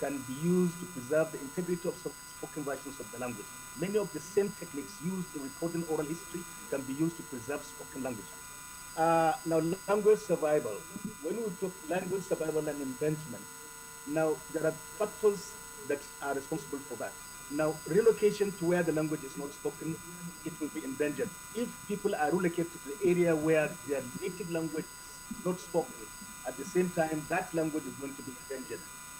can be used to preserve the integrity of spoken versions of the language. Many of the same techniques used in recording oral history can be used to preserve spoken language. Uh, now, language survival. When we talk language survival and investment, now there are factors that are responsible for that. Now, relocation to where the language is not spoken, it will be endangered. If people are relocated to the area where their native language is not spoken, at the same time, that language is going to be endangered.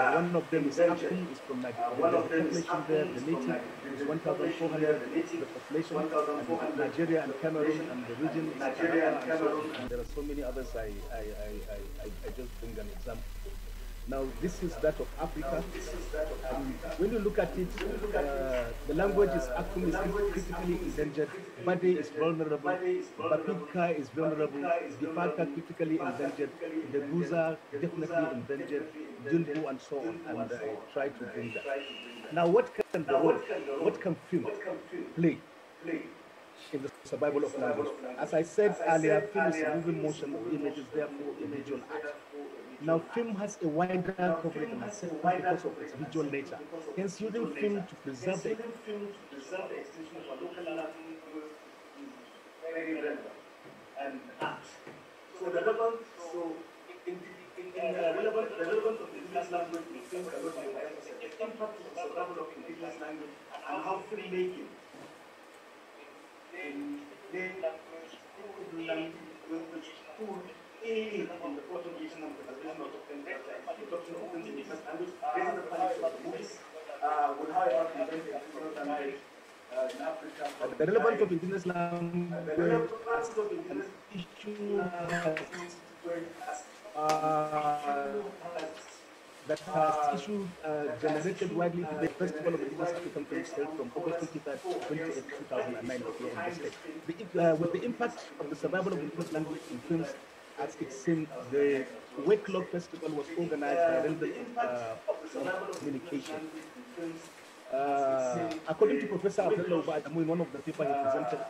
Uh, one of them is Happy, is from Nigeria. Uh, the population there, the native, is 1,400. The population and Nigeria and Cameroon and the region is Nigeria and Cameroon. And there are so many others. I, I, I, I, I just bring an example. Now, this is that of Africa. Um, when you look at it, uh, the language is Akum is critically endangered, Bade is vulnerable, Bapika is vulnerable, Gipaka critically endangered, the Guza definitely endangered, Dilbu and so on, and I try to bring that. Now, what can the world, what can film play? in the survival of language. As I said earlier, film is moving motion images, therefore a visual art. Now, film has a wider coverage than has because of its visual nature. Hence, using film to preserve the extension of a local Aladdin is very relevant and apt. So, relevant, so in, in, in uh, relevant, the of the indigenous language in film covered by the impact of the survival of indigenous language and how filmmaking in, in, in language, food, language, food, the the relevance of indigenous language, issues that has issued generated widely to the Festival of Indigenous African Films from August 23, 2008, 2009 the state. Uh, with the impact of the survival of indigenous language in films as it seemed the Wicklow Festival was organized by the uh, Communication. Uh, according to Professor Abdullah Obadamu in one of the papers he presented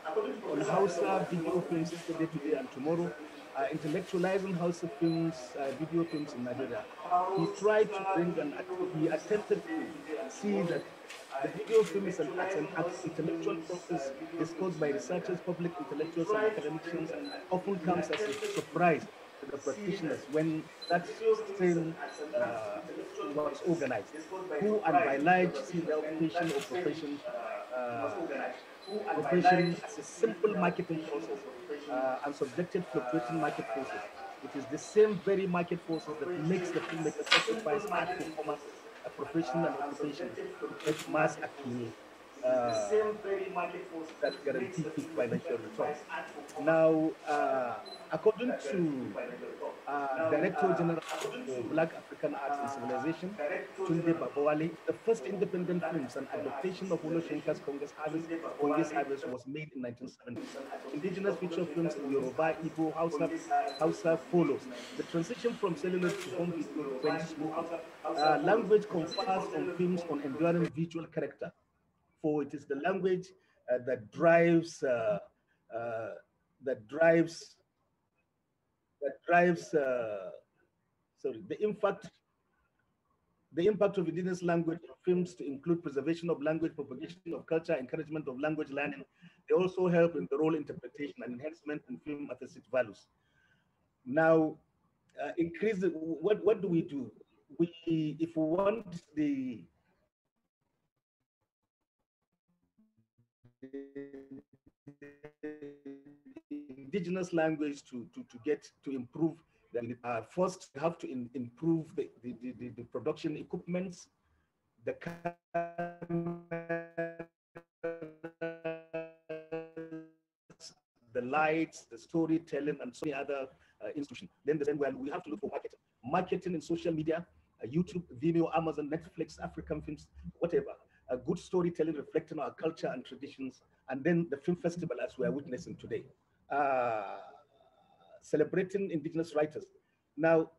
on Hausa video films yesterday, today, and tomorrow, uh, intellectualizing Hausa films, uh, video films in Nigeria, he tried to bring an, he attempted to see that the video film is an art and intellectual process discussed by researchers, public intellectuals, and academicians, and often comes as a surprise to the practitioners when that same uh, was organized, who and by large see the occupation or profession, uh, profession as a simple marketing process uh, and subjected to fluctuating market forces. It is the same very market forces that makes the filmmaker sacrifice art performance professional occupation, that must accumulate. That guarantees guaranteed financial returns. Now, uh, according to uh, Director General of Black African Arts and Civilization, Tunde Babawale, the first independent films and adaptation of Oloshenka's Congress Harvest, Congress Harvest was made in 1970. Indigenous feature films in Yoruba, Igbo, Hausa, Hausa follows. The transition from cellular to home video French. smoothly. Uh, language confers on films on enduring visual character for it is the language uh, that drives uh, uh, that drives that drives uh, sorry the impact the impact of indigenous language films to include preservation of language, propagation of culture, encouragement of language learning. They also help in the role interpretation and enhancement in film artistic values. Now, uh, increase what what do we do? We if we want the indigenous language to, to, to get to improve the, uh, first have to in, improve the, the, the, the, production equipments the the lights the storytelling and so many other uh, institutions then the same well we have to look for marketing marketing in social media uh, youtube vimeo amazon netflix african films whatever a good storytelling reflecting our culture and traditions, and then the film festival as we are witnessing today, uh, celebrating indigenous writers. Now,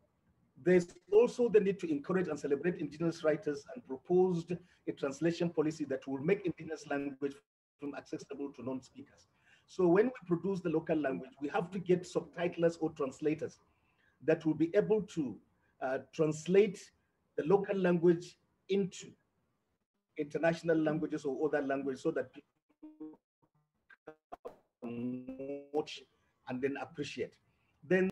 there's also the need to encourage and celebrate indigenous writers and proposed a translation policy that will make indigenous language accessible to non-speakers. So when we produce the local language, we have to get subtitlers or translators that will be able to uh, translate the local language into international languages or other languages so that people can watch and then appreciate. Then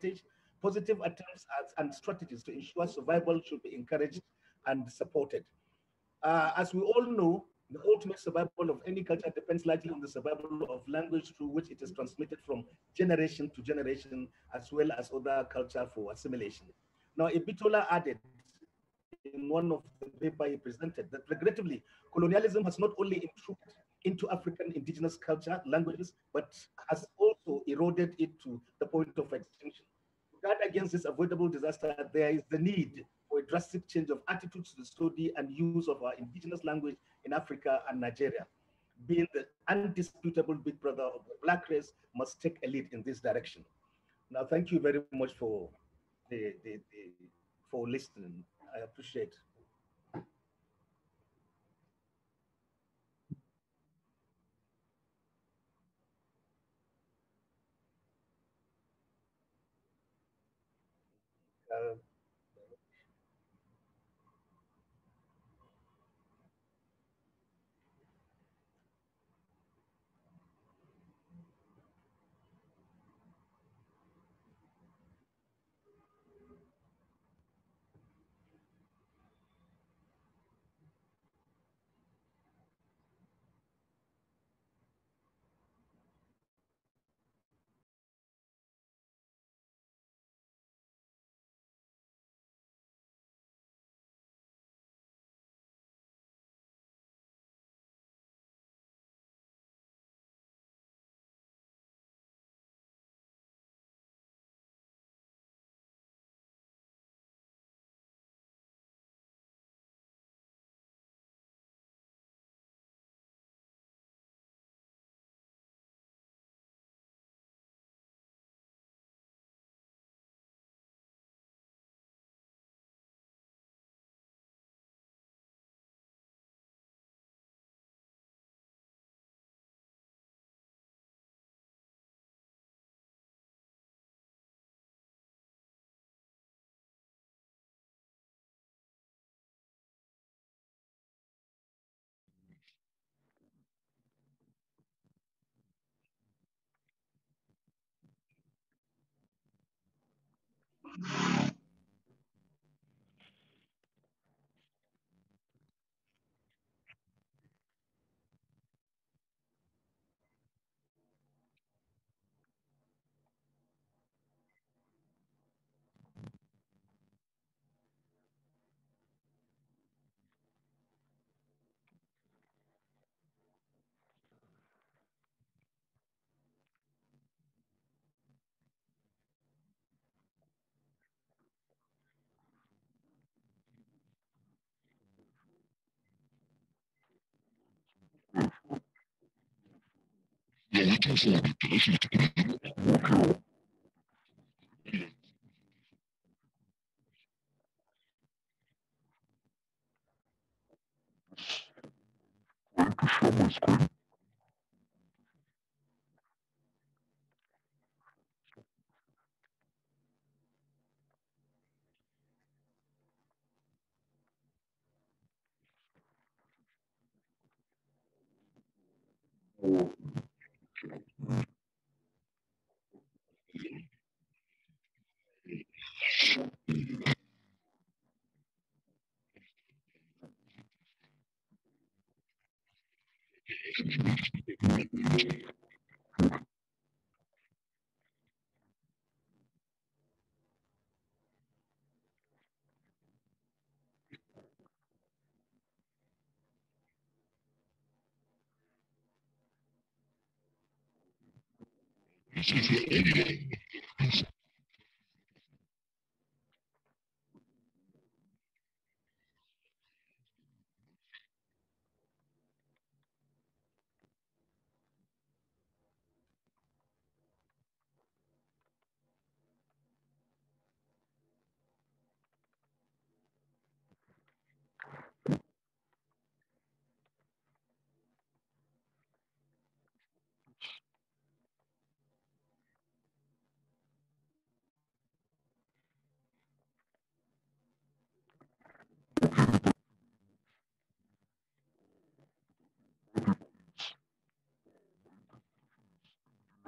positive attempts and strategies to ensure survival should be encouraged and supported. Uh, as we all know, the ultimate survival of any culture depends largely on the survival of language through which it is transmitted from generation to generation, as well as other culture for assimilation. Now, Ibitola added in one of the papers he presented that regrettably, colonialism has not only intruded into African indigenous culture, languages, but has also eroded it to the point of extinction. To guard against this avoidable disaster, there is the need for a drastic change of attitudes to the study and use of our indigenous language in Africa and Nigeria. Being the undisputable big brother of the black race must take a lead in this direction. Now, thank you very much for the, the, the for listening. I appreciate Thank you so much, This is what anyone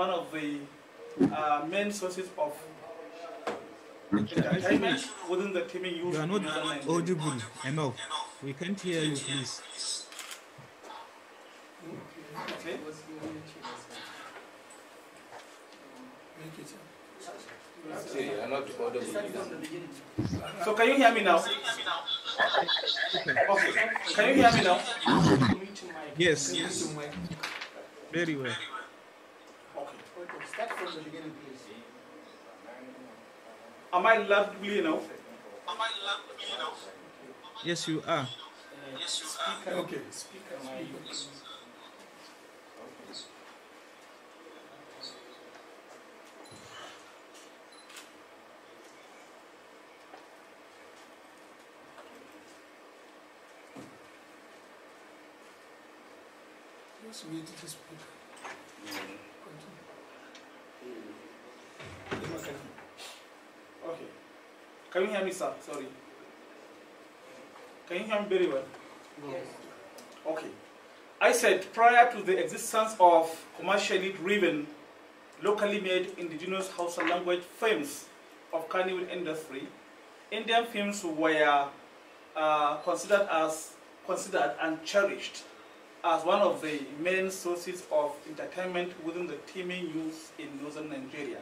one of the uh, main sources of entertainment within the teaming You are not audible enough. We can't hear you, please. Okay. So can you hear me now? Okay. Can you hear me now? Yes. yes. Very well. Start from the beginning, please. Am I loved enough? Am I Yes, you are. Uh, yes, you speaker, Okay. Speaker, speaker. Yes, we speak. Mm-hmm. Can you hear me, sir? Sorry. Can you hear me very well? Yes. Okay. I said prior to the existence of commercially driven, locally made indigenous Hausa language films of carnival industry, Indian films were uh, considered as considered and cherished as one of the main sources of entertainment within the teeming youth in northern Nigeria.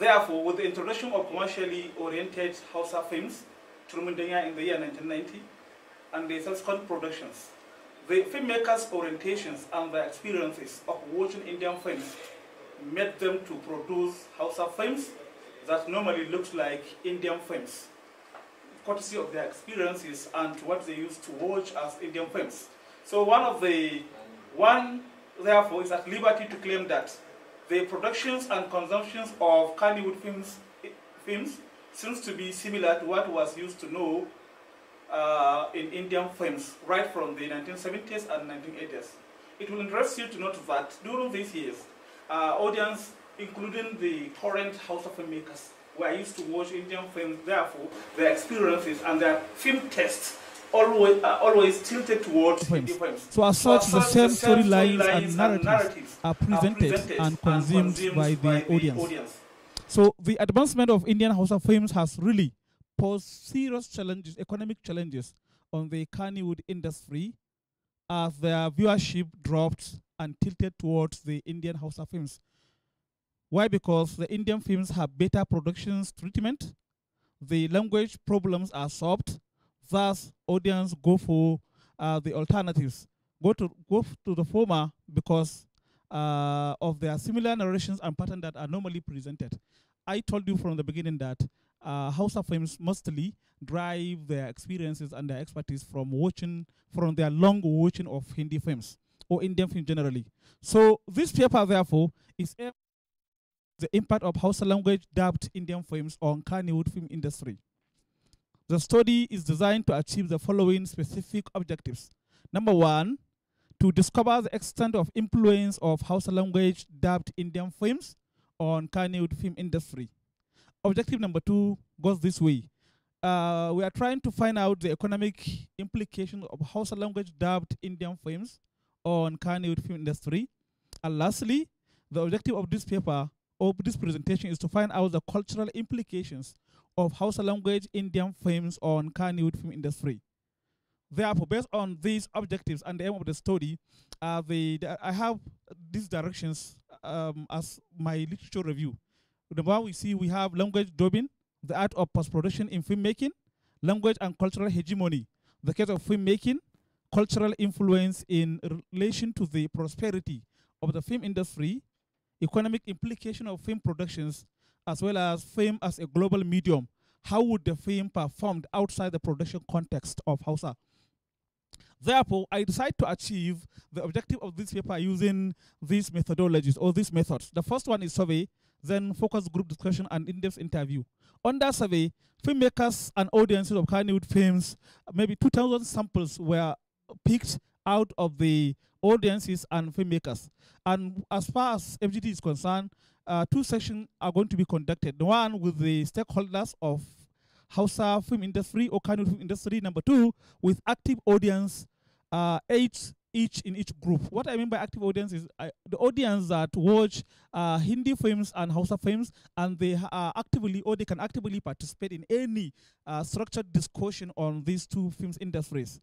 Therefore, with the introduction of commercially oriented Hausa films, Trumundanya in the year 1990, and the subsequent productions, the filmmakers' orientations and their experiences of watching Indian films made them to produce Hausa films that normally looked like Indian films, courtesy of their experiences and what they used to watch as Indian films. So one of the, one therefore is at liberty to claim that the productions and consumptions of Kannywood films, films seems to be similar to what was used to know uh, in Indian films right from the 1970s and 1980s. It will interest you to note that during these years, uh, audience, including the current House of Filmmakers, were used to watch Indian films, therefore their experiences and their film tests always, uh, always tilted towards poems. poems. So as such, so the same storylines story and, narratives, narratives are, presented are presented, and consumed, and consumed by, the, by audience. the, audience. So the advancement of Indian House of Films has really posed serious challenges, economic challenges, on the Kannywood industry as their viewership dropped and tilted towards the Indian House of Films. Why? Because the Indian films have better productions treatment, the language problems are solved, Thus, audience go for uh, the alternatives. Go to go to the former because uh, of their similar narrations and patterns that are normally presented. I told you from the beginning that uh, house of films mostly drive their experiences and their expertise from watching from their long watching of Hindi films or Indian film generally. So this paper therefore is the impact of Hausa language dubbed Indian films on Kannywood film industry. The study is designed to achieve the following specific objectives. Number one, to discover the extent of influence of Hausa language dubbed Indian films on Kannywood film industry. Objective number two goes this way. Uh, we are trying to find out the economic implications of Hausa language dubbed Indian films on Kannywood film industry. And lastly, the objective of this paper, of this presentation, is to find out the cultural implications of Hausa language Indian films on Kannywood film industry. Therefore, based on these objectives and the aim of the study, uh, the, the I have these directions um, as my literature review. Number one we see, we have language dubbing, the art of post-production in filmmaking, language and cultural hegemony, the case of filmmaking, cultural influence in relation to the prosperity of the film industry, economic implication of film productions, as well as film as a global medium, how would the film performed outside the production context of Hausa? Therefore, I decide to achieve the objective of this paper using these methodologies or these methods. The first one is survey, then focus group discussion and in-depth interview. On Under survey, filmmakers and audiences of Hollywood films, maybe 2,000 samples were picked out of the audiences and filmmakers. And as far as FGT is concerned, uh, two sessions are going to be conducted. One with the stakeholders of Hausa film industry or Kano film industry. Number two, with active audience, uh, eight each in each group. What I mean by active audience is uh, the audience that watch uh, Hindi films and Hausa films, and they are actively or they can actively participate in any uh, structured discussion on these two films industries.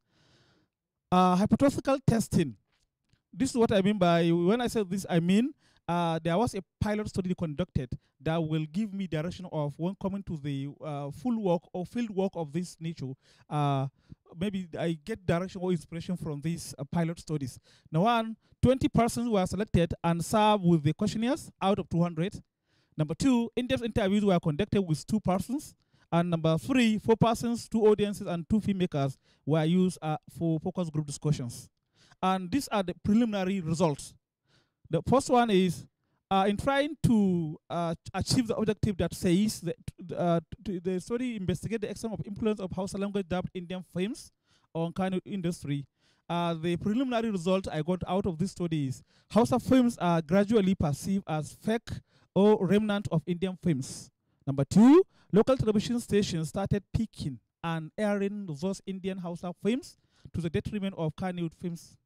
Uh, hypothetical testing. This is what I mean by when I say this. I mean uh, there was a pilot study conducted that will give me direction of when coming to the uh, full work or field work of this nature. Uh, maybe I get direction or inspiration from these uh, pilot studies. Now, one, 20 persons were selected and served with the questionnaires out of 200. Number two, in-depth interviews were conducted with two persons. And number three, four persons, two audiences, and two filmmakers were used uh, for focus group discussions. And these are the preliminary results. The first one is uh, in trying to uh, achieve the objective that says that uh, the study investigate the extent of influence of Hausa language dubbed Indian films on Kano industry. Uh, the preliminary result I got out of this study is Hausa films are gradually perceived as fake or remnant of Indian films. Number two, local television stations started picking and airing those Indian Hausa films to the detriment of Kannywood films.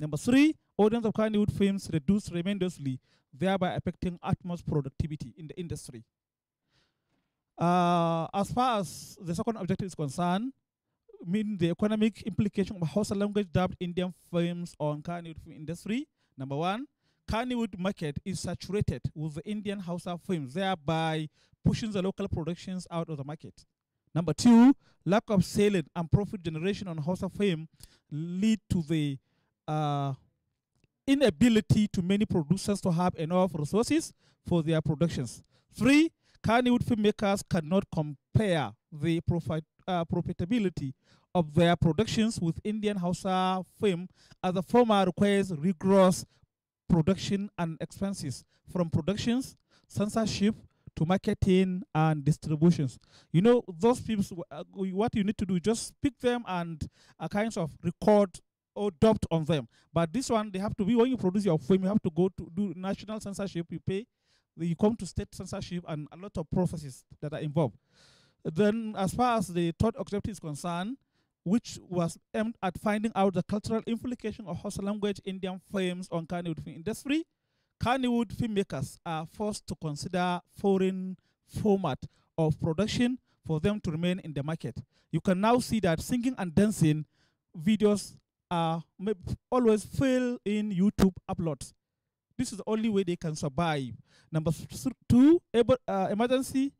Number three, Audience of Hollywood films reduce tremendously, thereby affecting utmost productivity in the industry. Uh, as far as the second objective is concerned, mean the economic implication of Hausa language dubbed Indian films on Hollywood film industry. Number one, Hollywood market is saturated with the Indian Hausa films, thereby pushing the local productions out of the market. Number two, lack of selling and profit generation on Hausa film lead to the uh, inability to many producers to have enough resources for their productions. Three, Kannywood filmmakers cannot compare the profit, uh, profitability of their productions with Indian Hausa film as the former requires rigorous production and expenses from productions, censorship, to marketing and distributions. You know, those films, uh, what you need to do, just pick them and a kinds of record or dumped on them. But this one, they have to be when you produce your film, you have to go to do national censorship. You pay, you come to state censorship, and a lot of processes that are involved. Then, as far as the third objective is concerned, which was aimed at finding out the cultural implication of Hausa language Indian films on Kannywood film industry, Kannywood filmmakers are forced to consider foreign format of production for them to remain in the market. You can now see that singing and dancing videos uh, are always fail in YouTube uploads. This is the only way they can survive. Number two, able, uh, emergency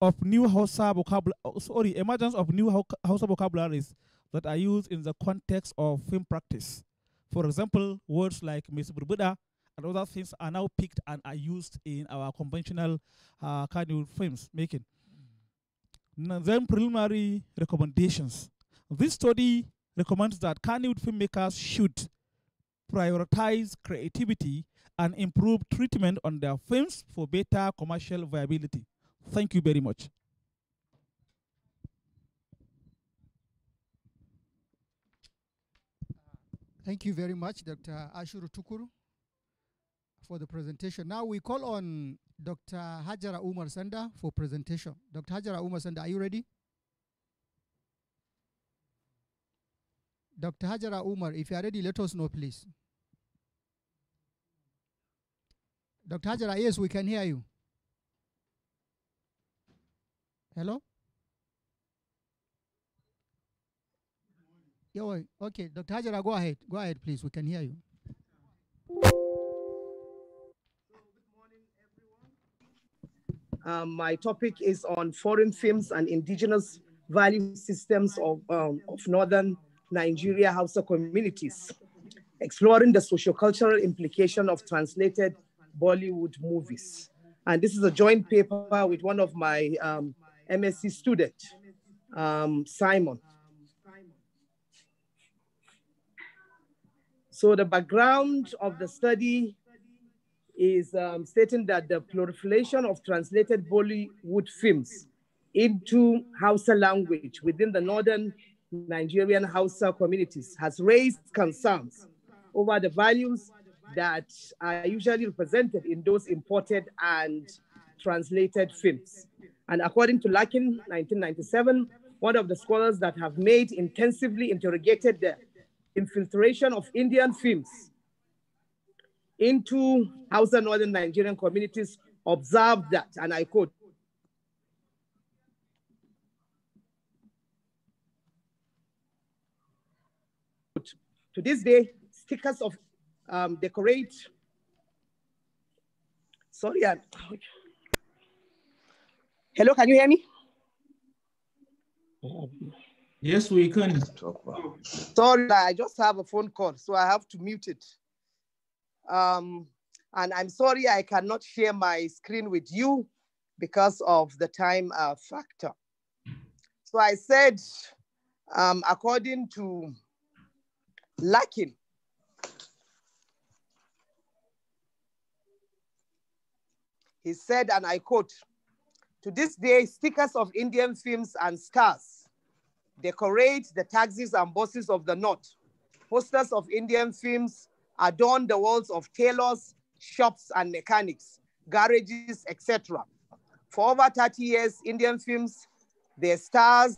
of new Hausa vocabulary, oh, sorry, emergence of new Hausa vocabularies that are used in the context of film practice. For example, words like Miss Burbuda and other things are now picked and are used in our conventional uh, kind of films making. then preliminary recommendations. This study recommends that Kannywood filmmakers should prioritize creativity and improve treatment on their films for better commercial viability. Thank you very much. Thank you very much, Dr. Ashuru Tukuru, for the presentation. Now we call on Dr. Hajara Umar Sanda for presentation. Dr. Hajara Umar Sanda, are you ready? Dr. Hajara Umar, if you are ready, let us know, please. Dr. Hajara, yes, we can hear you. Hello? Yeah, okay, Dr. Hajara, go ahead. Go ahead, please. We can hear you. Um, my topic is on foreign films and indigenous value systems of, um, of Northern Nigeria Hausa communities, exploring the sociocultural implication of translated Bollywood movies. And this is a joint paper with one of my um, MSc student, um, Simon. So the background of the study is um, stating that the proliferation of translated Bollywood films into Hausa language within the northern Nigerian Hausa communities has raised concerns over the values that are usually represented in those imported and translated films. And according to Larkin, 1997, one of the scholars that have made intensively interrogated the infiltration of Indian films into Hausa Northern Nigerian communities observed that, and I quote, To this day, stickers of um, decorate. Sorry, I'm... Hello, can you hear me? Yes, we can. Sorry, I just have a phone call, so I have to mute it. Um, and I'm sorry I cannot share my screen with you because of the time uh, factor. So I said, um, according to lacking he said, and I quote, to this day, stickers of Indian films and stars decorate the taxis and buses of the North. Posters of Indian films adorn the walls of tailors, shops, and mechanics, garages, etc. For over 30 years, Indian films, their stars,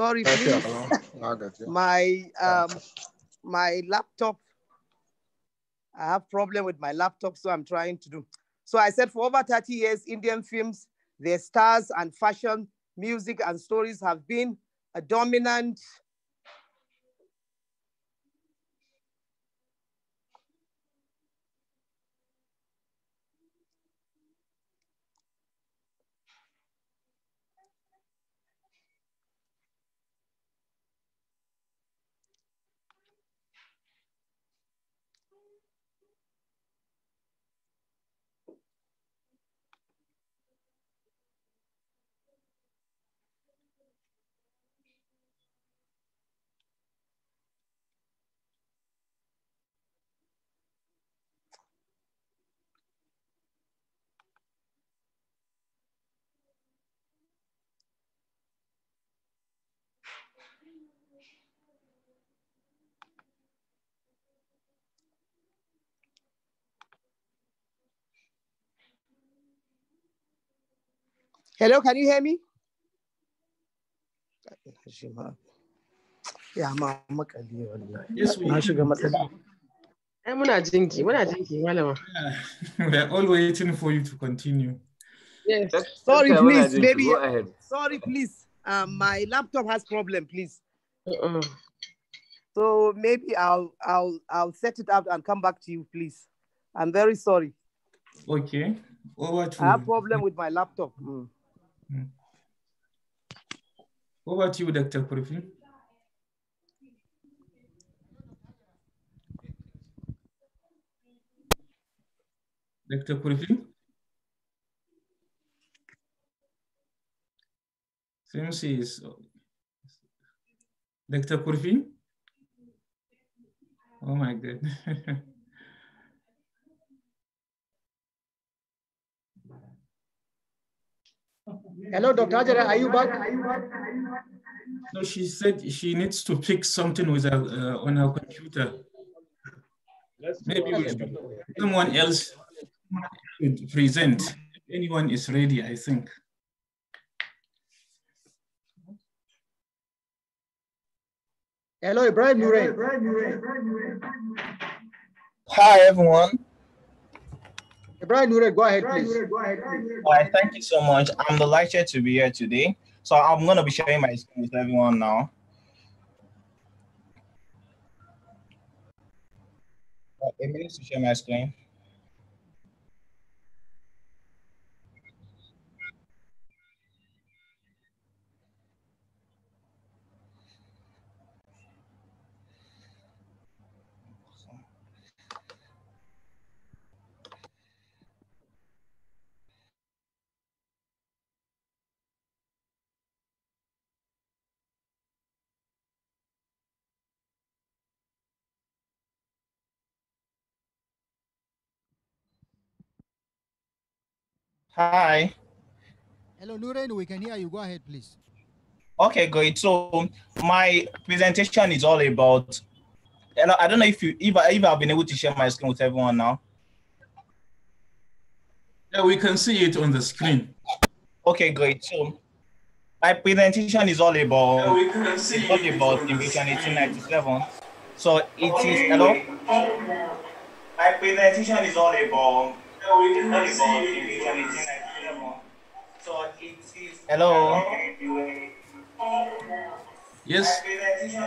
Sorry, please. Oh. Ah, my ah. um, my laptop. I have problem with my laptop, so I'm trying to do. So I said for over 30 years, Indian films, their stars and fashion, music and stories have been a dominant Hello, can you hear me? Yes, ma makali wallahi. Na shiga We are all waiting for you to continue. Yes. Sorry please, maybe. Go ahead. Sorry please. Um, my laptop has problem, please. uh So maybe I'll I'll I'll set it up and come back to you, please. I'm very sorry. Okay. Over to I have problem with my laptop. Mm. Hmm. What about you, Dr. Kurifi. Dr. Kurifi? Seems he Dr. Kurfi? Oh my God. Hello, Dr. Ajara, are you back? No, she said she needs to fix something with her uh, on her computer. Maybe someone else could present. anyone is ready, I think. Hello, Brian Murray. Hi, everyone. Brian Nure, go ahead, please. All right, thank you so much. I'm delighted to be here today. So I'm going to be sharing my screen with everyone now. It means to share my screen. Hi. Hello, Nuren, we can hear you. Go ahead, please. Okay, great. So my presentation is all about, I don't know if you, if, I, if I've been able to share my screen with everyone now. Yeah, we can see it on the screen. Okay, great. So my presentation is all about, yeah, all it about Invasion 1897. So it is, hello? My presentation is all about Hello. Yes.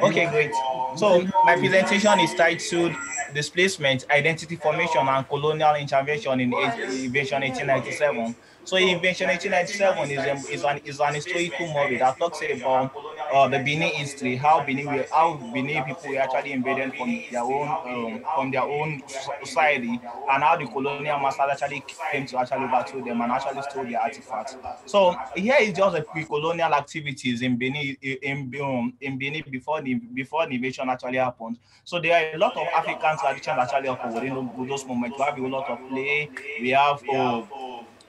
Okay, great. So my presentation is titled Displacement, Identity Formation and Colonial Intervention in Invention 1897. So Invention 1897 is, a, is, an, is an historical movie that talks about uh, the Bini history, how Bini how Bini people were actually invaded from their own um, from their own society, and how the colonial masters actually came to actually battle them and actually stole their artifacts. So here is just the pre-colonial activities in Bini in um, in Bini before the before the invasion actually happened. So there are a lot of African traditions actually occurring in those moments. We have a lot of play. We have uh,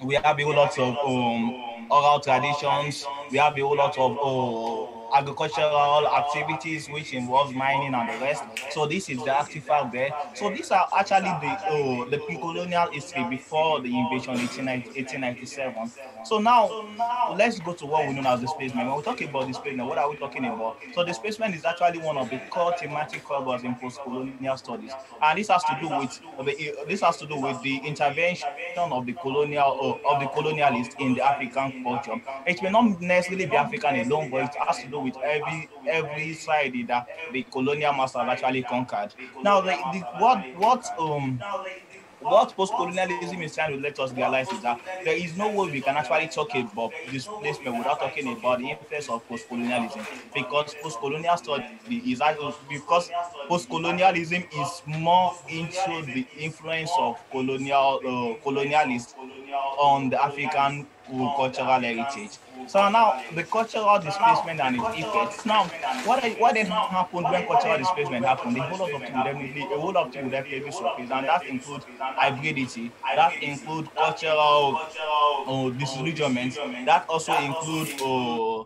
we have a lot of um, oral traditions. We have a whole lot of uh, agricultural activities, which involves mining and the rest. So this is the artifact there. So these are actually the uh, the pre-colonial history before the invasion in 1897. So now let's go to what we know as the spaceman. When we talk about the spaceman, what are we talking about? So the spaceman is actually one of the core thematic covers in post-colonial studies, and this has to do with this has to do with the intervention of the colonial uh, of the colonialist in the African culture. It may not necessarily be African alone, but it has to do with every every Friday that the colonial masters actually conquered. Now, the, the, what what um what post-colonialism is trying to let us realize is that there is no way we can actually talk about displacement without talking about the influence of post-colonialism because post-colonial study is because post-colonialism is more into the influence of colonial uh, colonialists on the African with cultural heritage. So now the cultural displacement and its effects. Now, what what then happened when cultural displacement happened? The whole of the a whole of the refugee surface, and that includes hybridity, that includes cultural uh, disillusionment, that also includes uh,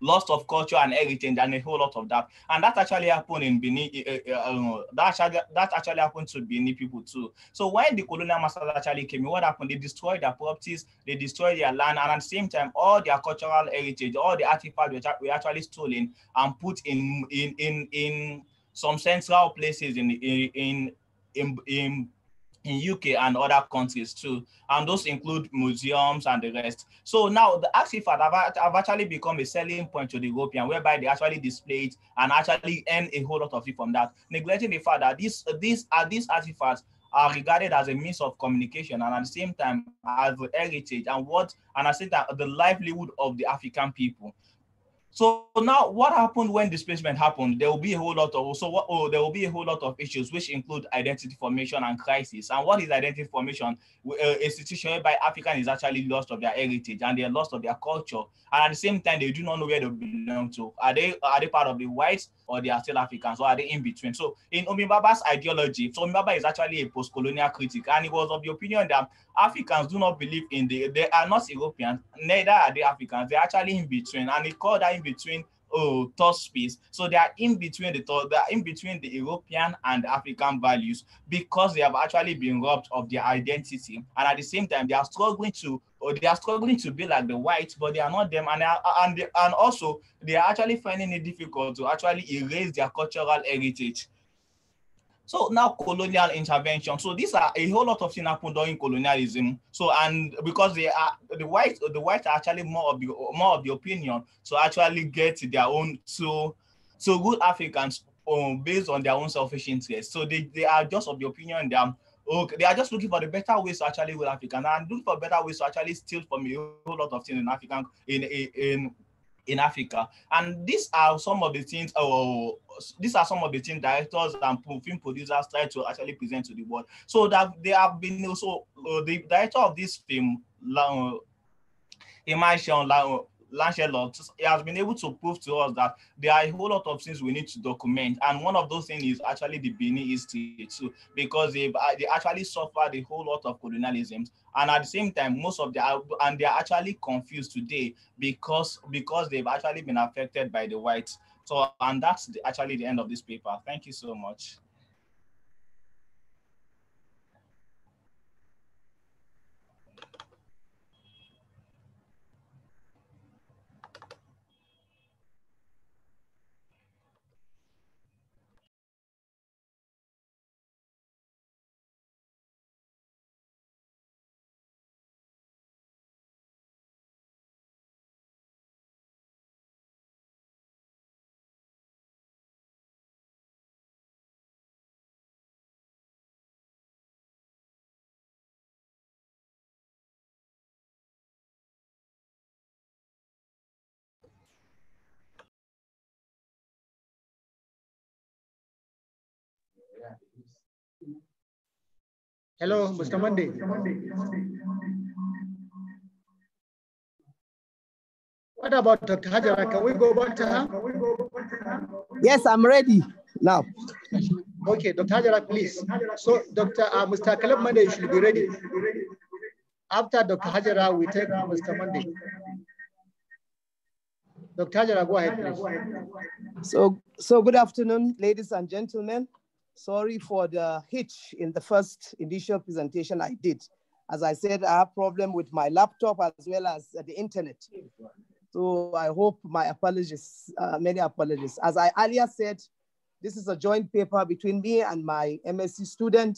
loss of culture and everything and a whole lot of that and that actually happened in benin uh, uh, that, actually, that actually happened to benin people too so when the colonial masters actually came in what happened they destroyed their properties they destroyed their land and at the same time all their cultural heritage all the artifacts were, were actually stolen and put in in in in some central places in in in in, in in UK and other countries too. And those include museums and the rest. So now the Axifat have, have actually become a selling point to the European, whereby they actually display it and actually earn a whole lot of it from that, neglecting the fact that these, uh, these, these artifacts are regarded as a means of communication and at the same time as heritage and what and I said that the livelihood of the African people. So now what happened when displacement happened? There will be a whole lot of so what oh there will be a whole lot of issues which include identity formation and crisis. And what is identity formation? Uh, institution whereby African is actually lost of their heritage and they're lost of their culture. And at the same time, they do not know where they belong to. Are they are they part of the whites or they are still Africans or are they in between? So in Omimbaba's ideology, so Omimbaba is actually a post-colonial critic and he was of the opinion that Africans do not believe in the they are not Europeans, neither are they Africans, they're actually in between. And he called that between oh thought space so they are in between the thought they are in between the european and african values because they have actually been robbed of their identity and at the same time they are struggling to or they are struggling to be like the whites but they are not them and uh, and and also they are actually finding it difficult to actually erase their cultural heritage so now colonial intervention. So these are a whole lot of things happened during colonialism. So and because they are the white the whites are actually more of the more of the opinion to actually get their own so so good Africans um, based on their own selfish interests. So they, they are just of the opinion that okay, they are just looking for the better ways to actually with African and looking for better ways to actually steal from a whole lot of things in African in in, in in Africa. And these are some of the things, oh, oh, oh these are some of the things directors and film producers try to actually present to the world. So that they have been also, uh, the director of this film, Imai Sean Lancelot has been able to prove to us that there are a whole lot of things we need to document. And one of those things is actually the Benin history too, because they, uh, they actually suffered a whole lot of colonialism. And at the same time, most of the uh, and they are actually confused today because because they've actually been affected by the whites. So and that's the, actually the end of this paper. Thank you so much. Hello, Mr. Monday. What about Dr. Hajara? Can we go back to her? Yes, I'm ready now. Okay, Dr. Hajara, please. So, Dr. Uh, Mr. Caleb Monday, you should be ready. After Dr. Hajara, uh, we take Mr. Monday. Dr. Hajara, go ahead, please. So, so good afternoon, ladies and gentlemen. Sorry for the hitch in the first initial presentation I did. As I said, I have problem with my laptop as well as the internet. So I hope my apologies, uh, many apologies. As I earlier said, this is a joint paper between me and my MSc student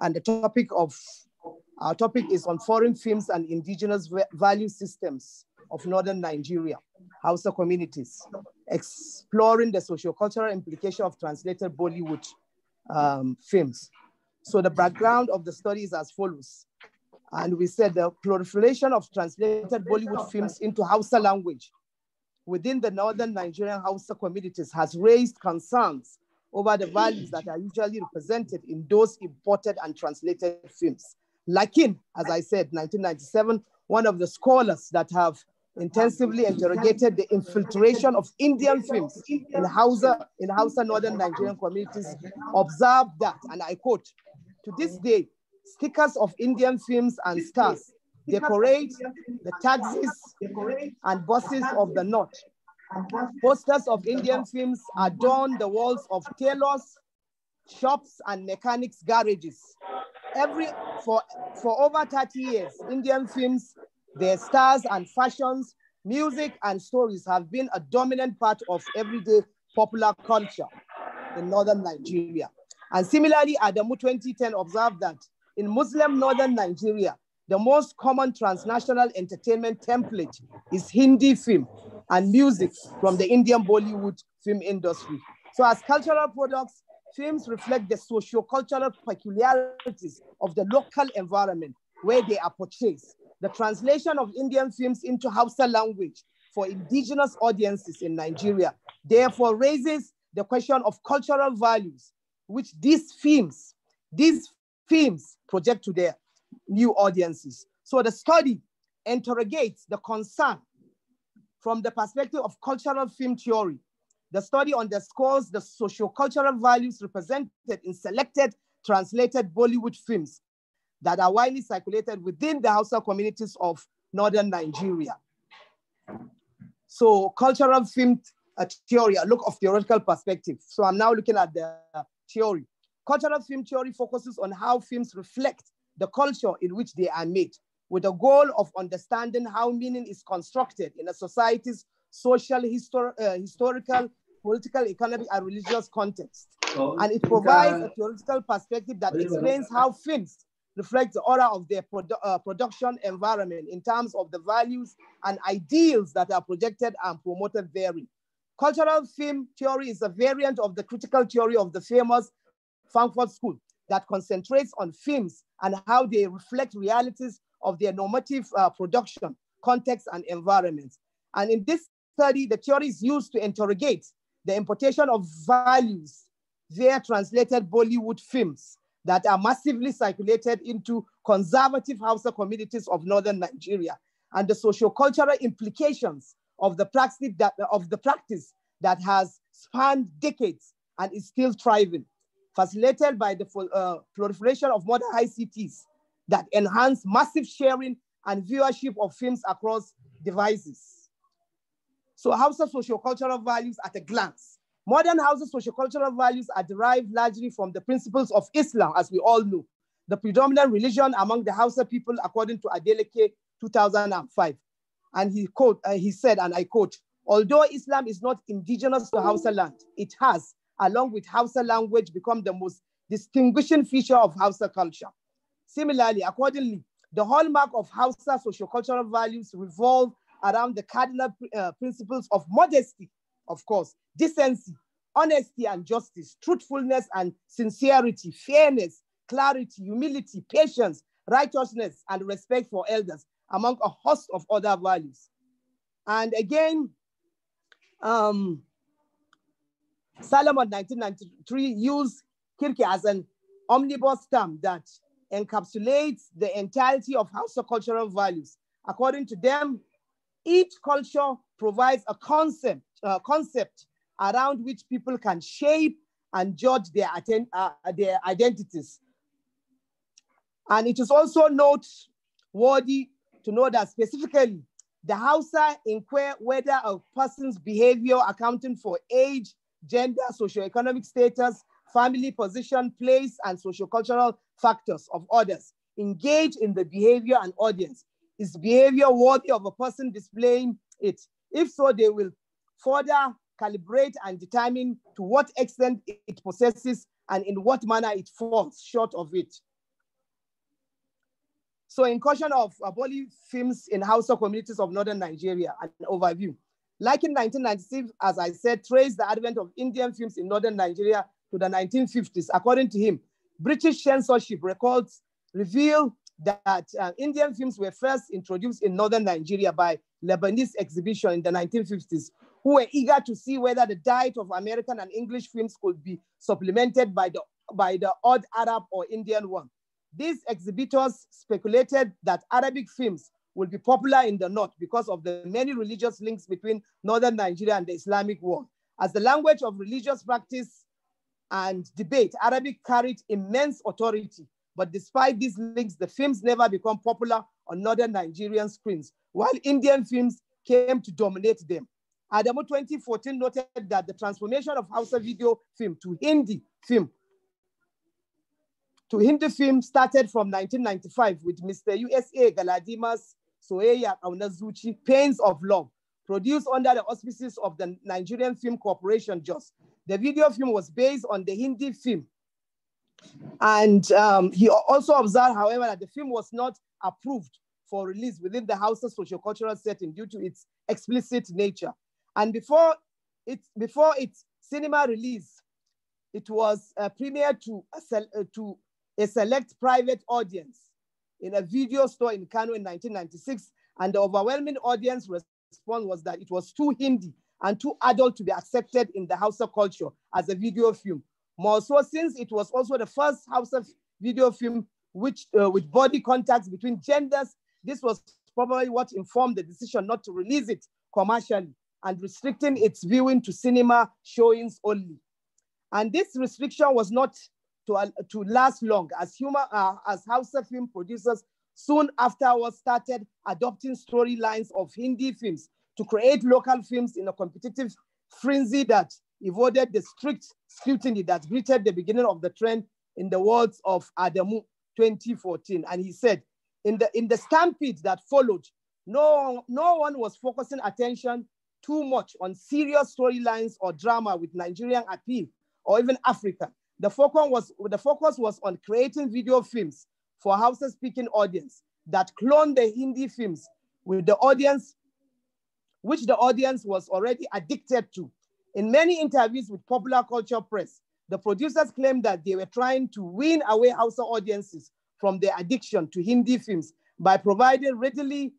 and the topic of our topic is on foreign films and indigenous value systems of Northern Nigeria, Hausa communities, exploring the sociocultural implication of translated Bollywood um, films. So the background of the study is as follows. And we said the proliferation of translated Bollywood films into Hausa language within the northern Nigerian Hausa communities has raised concerns over the values that are usually represented in those imported and translated films. Lakin, as I said, 1997, one of the scholars that have intensively interrogated the infiltration of Indian films in Hausa, in Hausa northern Nigerian communities, observed that, and I quote, to this day, stickers of Indian films and stars decorate the taxis and buses of the north. Posters of Indian films adorn the walls of tailors, shops, and mechanics' garages. Every for, for over 30 years, Indian films their stars and fashions, music, and stories have been a dominant part of everyday popular culture in northern Nigeria. And similarly, Adamu 2010 observed that in Muslim northern Nigeria, the most common transnational entertainment template is Hindi film and music from the Indian Bollywood film industry. So as cultural products, films reflect the socio-cultural peculiarities of the local environment where they are purchased the translation of Indian films into Hausa language for indigenous audiences in Nigeria, therefore raises the question of cultural values, which these films, these films project to their new audiences. So the study interrogates the concern from the perspective of cultural film theory. The study underscores the sociocultural values represented in selected translated Bollywood films that are widely circulated within the Hausa communities of northern Nigeria. So cultural film uh, theory, a look of theoretical perspective. So I'm now looking at the theory. Cultural film theory focuses on how films reflect the culture in which they are made with the goal of understanding how meaning is constructed in a society's social, histor uh, historical, political, economic, and religious context. and it provides a theoretical perspective that explains how films reflects the aura of their produ uh, production environment in terms of the values and ideals that are projected and promoted therein. Cultural film theory is a variant of the critical theory of the famous Frankfurt School that concentrates on films and how they reflect realities of their normative uh, production, context, and environments. And in this study, the theory is used to interrogate the importation of values via translated Bollywood films that are massively circulated into conservative Hausa communities of northern Nigeria and the sociocultural implications of the, practice that, of the practice that has spanned decades and is still thriving, facilitated by the uh, proliferation of modern ICTs that enhance massive sharing and viewership of films across devices. So Hausa sociocultural values at a glance Modern houses' sociocultural values are derived largely from the principles of Islam, as we all know, the predominant religion among the Hausa people, according to Adeleke 2005. And he, quote, uh, he said, and I quote, although Islam is not indigenous to Hausa land, it has, along with Hausa language, become the most distinguishing feature of Hausa culture. Similarly, accordingly, the hallmark of Hausa sociocultural values revolve around the cardinal uh, principles of modesty, of course, decency, honesty and justice, truthfulness and sincerity, fairness, clarity, humility, patience, righteousness, and respect for elders, among a host of other values. And again, um, Solomon 1993 used Kirke as an omnibus term that encapsulates the entirety of Hausa cultural values. According to them, each culture provides a concept, uh, concept around which people can shape and judge their, uh, uh, their identities. And it is also noteworthy to know that specifically the Hausa inquire whether a person's behavior accounting for age, gender, socioeconomic status, family position, place, and sociocultural factors of others engage in the behavior and audience is behavior worthy of a person displaying it? If so, they will further calibrate and determine to what extent it possesses and in what manner it falls short of it. So incursion of Aboli films in Hausa communities of northern Nigeria, an overview. Like in 1996, as I said, traced the advent of Indian films in northern Nigeria to the 1950s. According to him, British censorship records reveal that uh, Indian films were first introduced in northern Nigeria by Lebanese exhibition in the 1950s, who were eager to see whether the diet of American and English films could be supplemented by the, by the odd Arab or Indian one. These exhibitors speculated that Arabic films will be popular in the north because of the many religious links between northern Nigeria and the Islamic world. As the language of religious practice and debate, Arabic carried immense authority but despite these links, the films never became popular on northern Nigerian screens, while Indian films came to dominate them. Adamo 2014 noted that the transformation of Hausa video film to Hindi film to Hindi film started from 1995 with Mr. USA Galadimas Soeya Aunazuchi Pains of Love, produced under the auspices of the Nigerian Film Corporation, JOS. The video film was based on the Hindi film and um, he also observed, however, that the film was not approved for release within the social sociocultural setting due to its explicit nature. And before, it, before its cinema release, it was uh, premiered to a, uh, to a select private audience in a video store in Kano in 1996. And the overwhelming audience response was that it was too Hindi and too adult to be accepted in the house of culture as a video film, more so since it was also the first Hausa video film which, uh, with body contacts between genders, this was probably what informed the decision not to release it commercially and restricting its viewing to cinema showings only. And this restriction was not to, uh, to last long as, humor, uh, as Hausa film producers soon afterwards started adopting storylines of Hindi films to create local films in a competitive frenzy that evaded the strict scrutiny that greeted the beginning of the trend in the words of Adamu 2014. And he said, in the, in the stampede that followed, no, no one was focusing attention too much on serious storylines or drama with Nigerian appeal or even Africa. The focus was, the focus was on creating video films for Hausa-speaking audience that cloned the Hindi films with the audience, which the audience was already addicted to in many interviews with popular culture press, the producers claimed that they were trying to win away Hausa audiences from their addiction to Hindi films by providing readily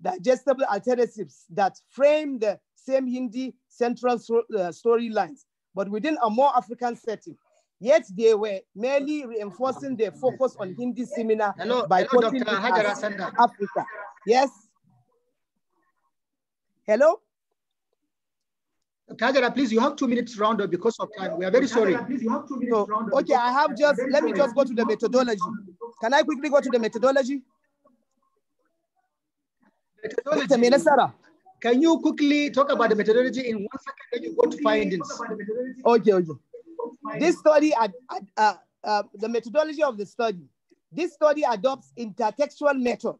digestible alternatives that frame the same Hindi central uh, storylines, but within a more African setting. Yet they were merely reinforcing their focus on Hindi seminar hello, by hello, Dr. Africa. Yes? Hello? Kajara, please, you have two minutes round because of time. We are very sorry. No, okay, I have just, let me just go to the methodology. Can I quickly go to the methodology? methodology. Minister, can you quickly talk about the methodology in one second, then you go to findings. Okay, okay. This study, uh, uh, uh, the methodology of the study. This study adopts intertextual method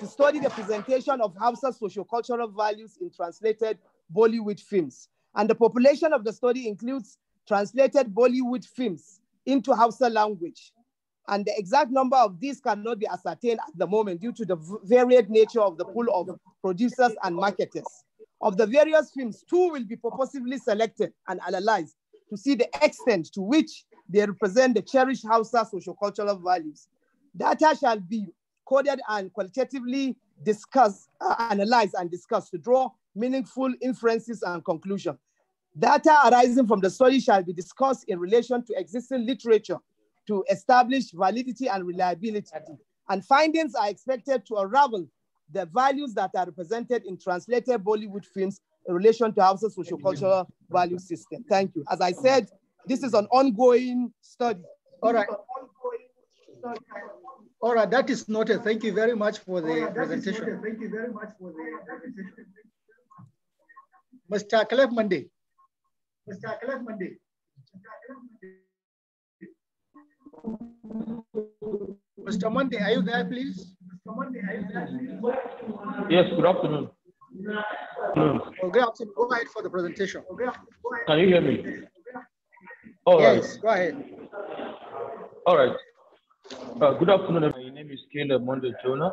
to study the presentation of Hausa sociocultural values in translated Bollywood films. And the population of the study includes translated Bollywood films into Hausa language. And the exact number of these cannot be ascertained at the moment due to the varied nature of the pool of producers and marketers. Of the various films, two will be purposively selected and analyzed to see the extent to which they represent the cherished Hausa sociocultural values. Data shall be coded and qualitatively discussed, uh, analyzed and discussed to draw meaningful inferences and conclusion. Data arising from the study shall be discussed in relation to existing literature to establish validity and reliability. And findings are expected to unravel the values that are represented in translated Bollywood films in relation to social sociocultural value system. Thank you. As I said, this is an ongoing study. All right. All right, that is noted. Thank you very much for the right, presentation. Thank you very much for the presentation. Mr. Monday. Monday. Mr. Monday, are you there, please? Mr. Monday, are you there, please? Yes, good afternoon. Good afternoon. Go ahead for the presentation. Can you hear me? All yes, right. go ahead. All right. Uh, good afternoon. My name is Caleb Monday Jonah.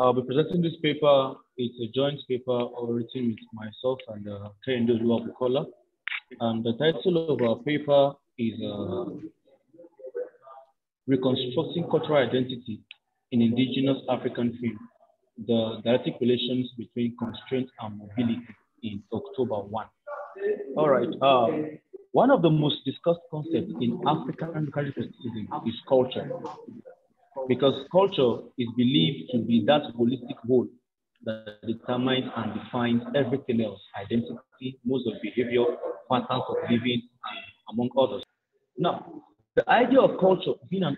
I'll be presenting this paper. It's a joint paper written with myself and uh, Kendo Bukola. And the title of our paper is uh, Reconstructing Cultural Identity in Indigenous African Film, the Dialectic Relations Between Constraint and Mobility in October 1. All right. Uh, one of the most discussed concepts in African culture is culture because culture is believed to be that holistic whole that determines and defines everything else identity, modes of behavior, patterns of living, uh, among others. Now, the idea of culture being an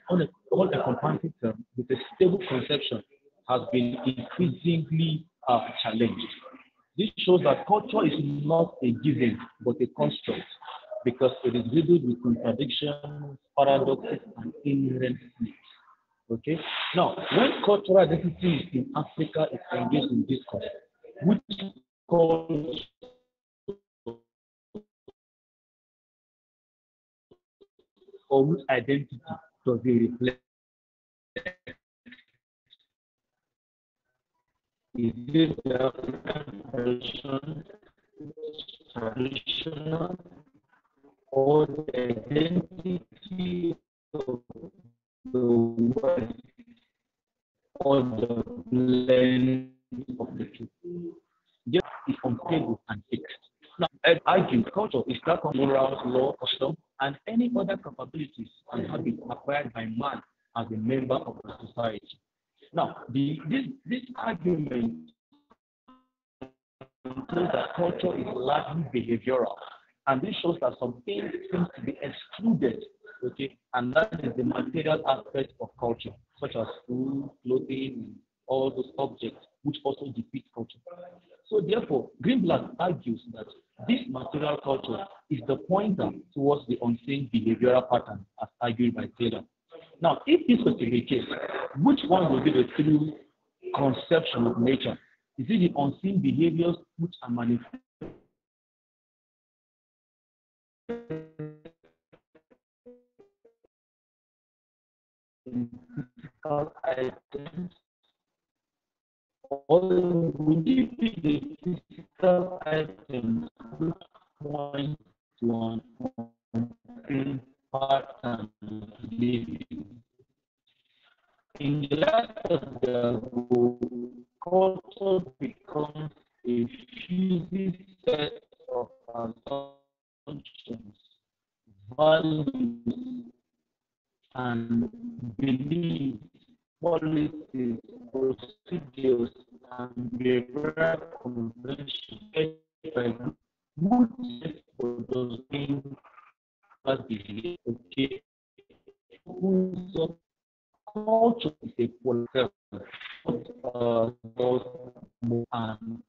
all-encompassing term with a stable conception has been increasingly uh, challenged. This shows that culture is not a given, but a construct, because it is riddled with contradictions, paradoxes, and inherent Okay. Now, when cultural identity in Africa is engaged in this cause, which cause or which identity does it reflect? Is it the African traditional or the identity of the word or the blend of the people Just is compared with an Now, hygiene, culture is that morals, law, custom, and any other capabilities and habits acquired by man as a member of a society. Now, the, this, this argument shows that culture is largely behavioral, and this shows that some things seem to be excluded Okay, and that is the material aspect of culture, such as food, clothing, all those objects, which also depict culture. So therefore, Greenblatt argues that this material culture is the pointer towards the unseen behavioral pattern as argued by Taylor. Now, if this was to be the case, which one will be the true conception of nature? Is it the unseen behaviors which are manifested physical items or would it be the physical items which point to an pattern of living? In the light of the book, culture becomes a fused set of assumptions, values, and believe policies, procedures, and behavioral conventions would set for those things practically okay. So, culture is a political, uh, and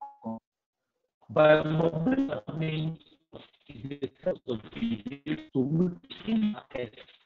by mobility means is a set of behaviors to look in at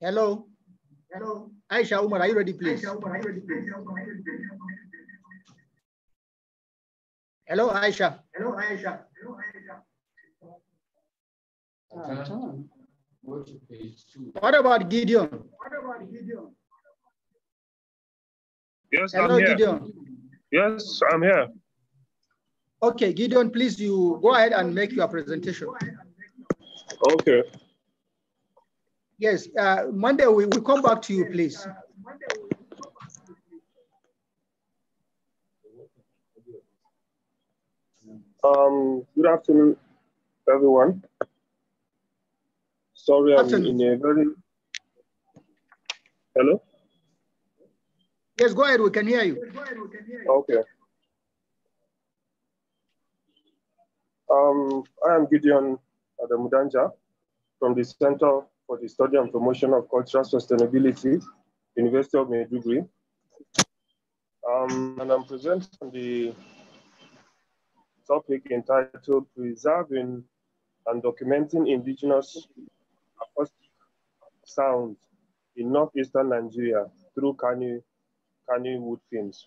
Hello. Hello. Aisha Umar, are you ready, please? Aisha Umar, are you ready, please? Hello, Aisha. Hello, Aisha. Hello, Aisha. Uh, what about Gideon? What about Gideon? Yes, Hello, I'm here. Gideon. Yes, I'm here. Okay, Gideon, please you go ahead and make your presentation. Okay. Yes, uh, Monday we will come back to you, please. Um, good afternoon, everyone. Sorry, I'm afternoon. in a very. Hello? Yes, go ahead, we can hear you. Okay. Um, I am Gideon Adamudanja from the Center for the Study and Promotion of Cultural Sustainability, University of Maiduguri. Um, and I'm presenting the topic entitled Preserving and Documenting Indigenous Acoustic Sounds in Northeastern Nigeria through Kanu, Kanu Wood Films.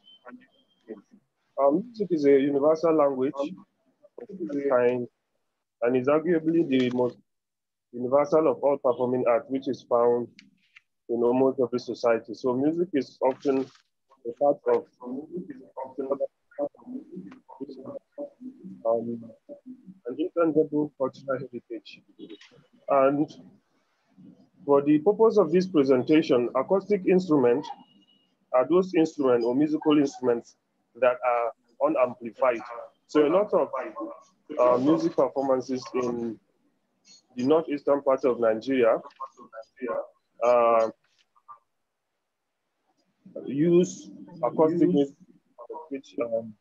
Um, music is a universal language, kind and is arguably the most universal of all performing arts, which is found in almost every society. So music is often a part of um, an intangible cultural heritage. And for the purpose of this presentation, acoustic instruments are those instruments or musical instruments that are unamplified. So a lot of uh, music performances in the northeastern part of Nigeria uh, use acoustic music which um,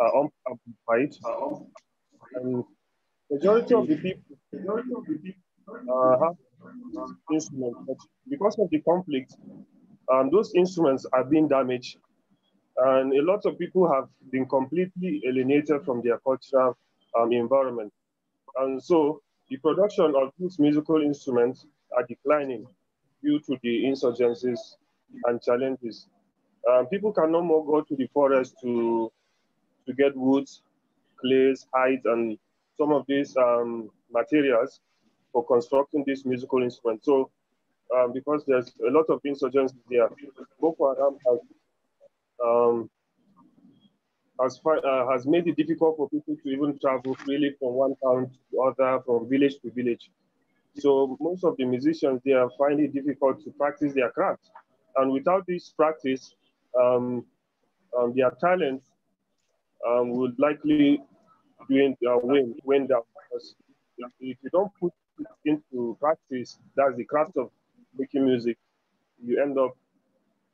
are um, amplified. And majority of the people, majority of the people uh, have instruments, but because of the conflict, um, those instruments are being damaged. And a lot of people have been completely alienated from their cultural um, environment. And so the production of these musical instruments are declining due to the insurgencies and challenges. Um, people can no more go to the forest to, to get woods, clays, hides, and some of these um, materials for constructing these musical instruments. So, um, because there's a lot of insurgencies there, Boko Haram has um, has, uh, has made it difficult for people to even travel freely from one town to other, from village to village. So most of the musicians they are finding it difficult to practice their craft, and without this practice, um, um, their talent um, would likely doing uh, win win down. Because if you don't put it into practice, that's the craft of making music. You end up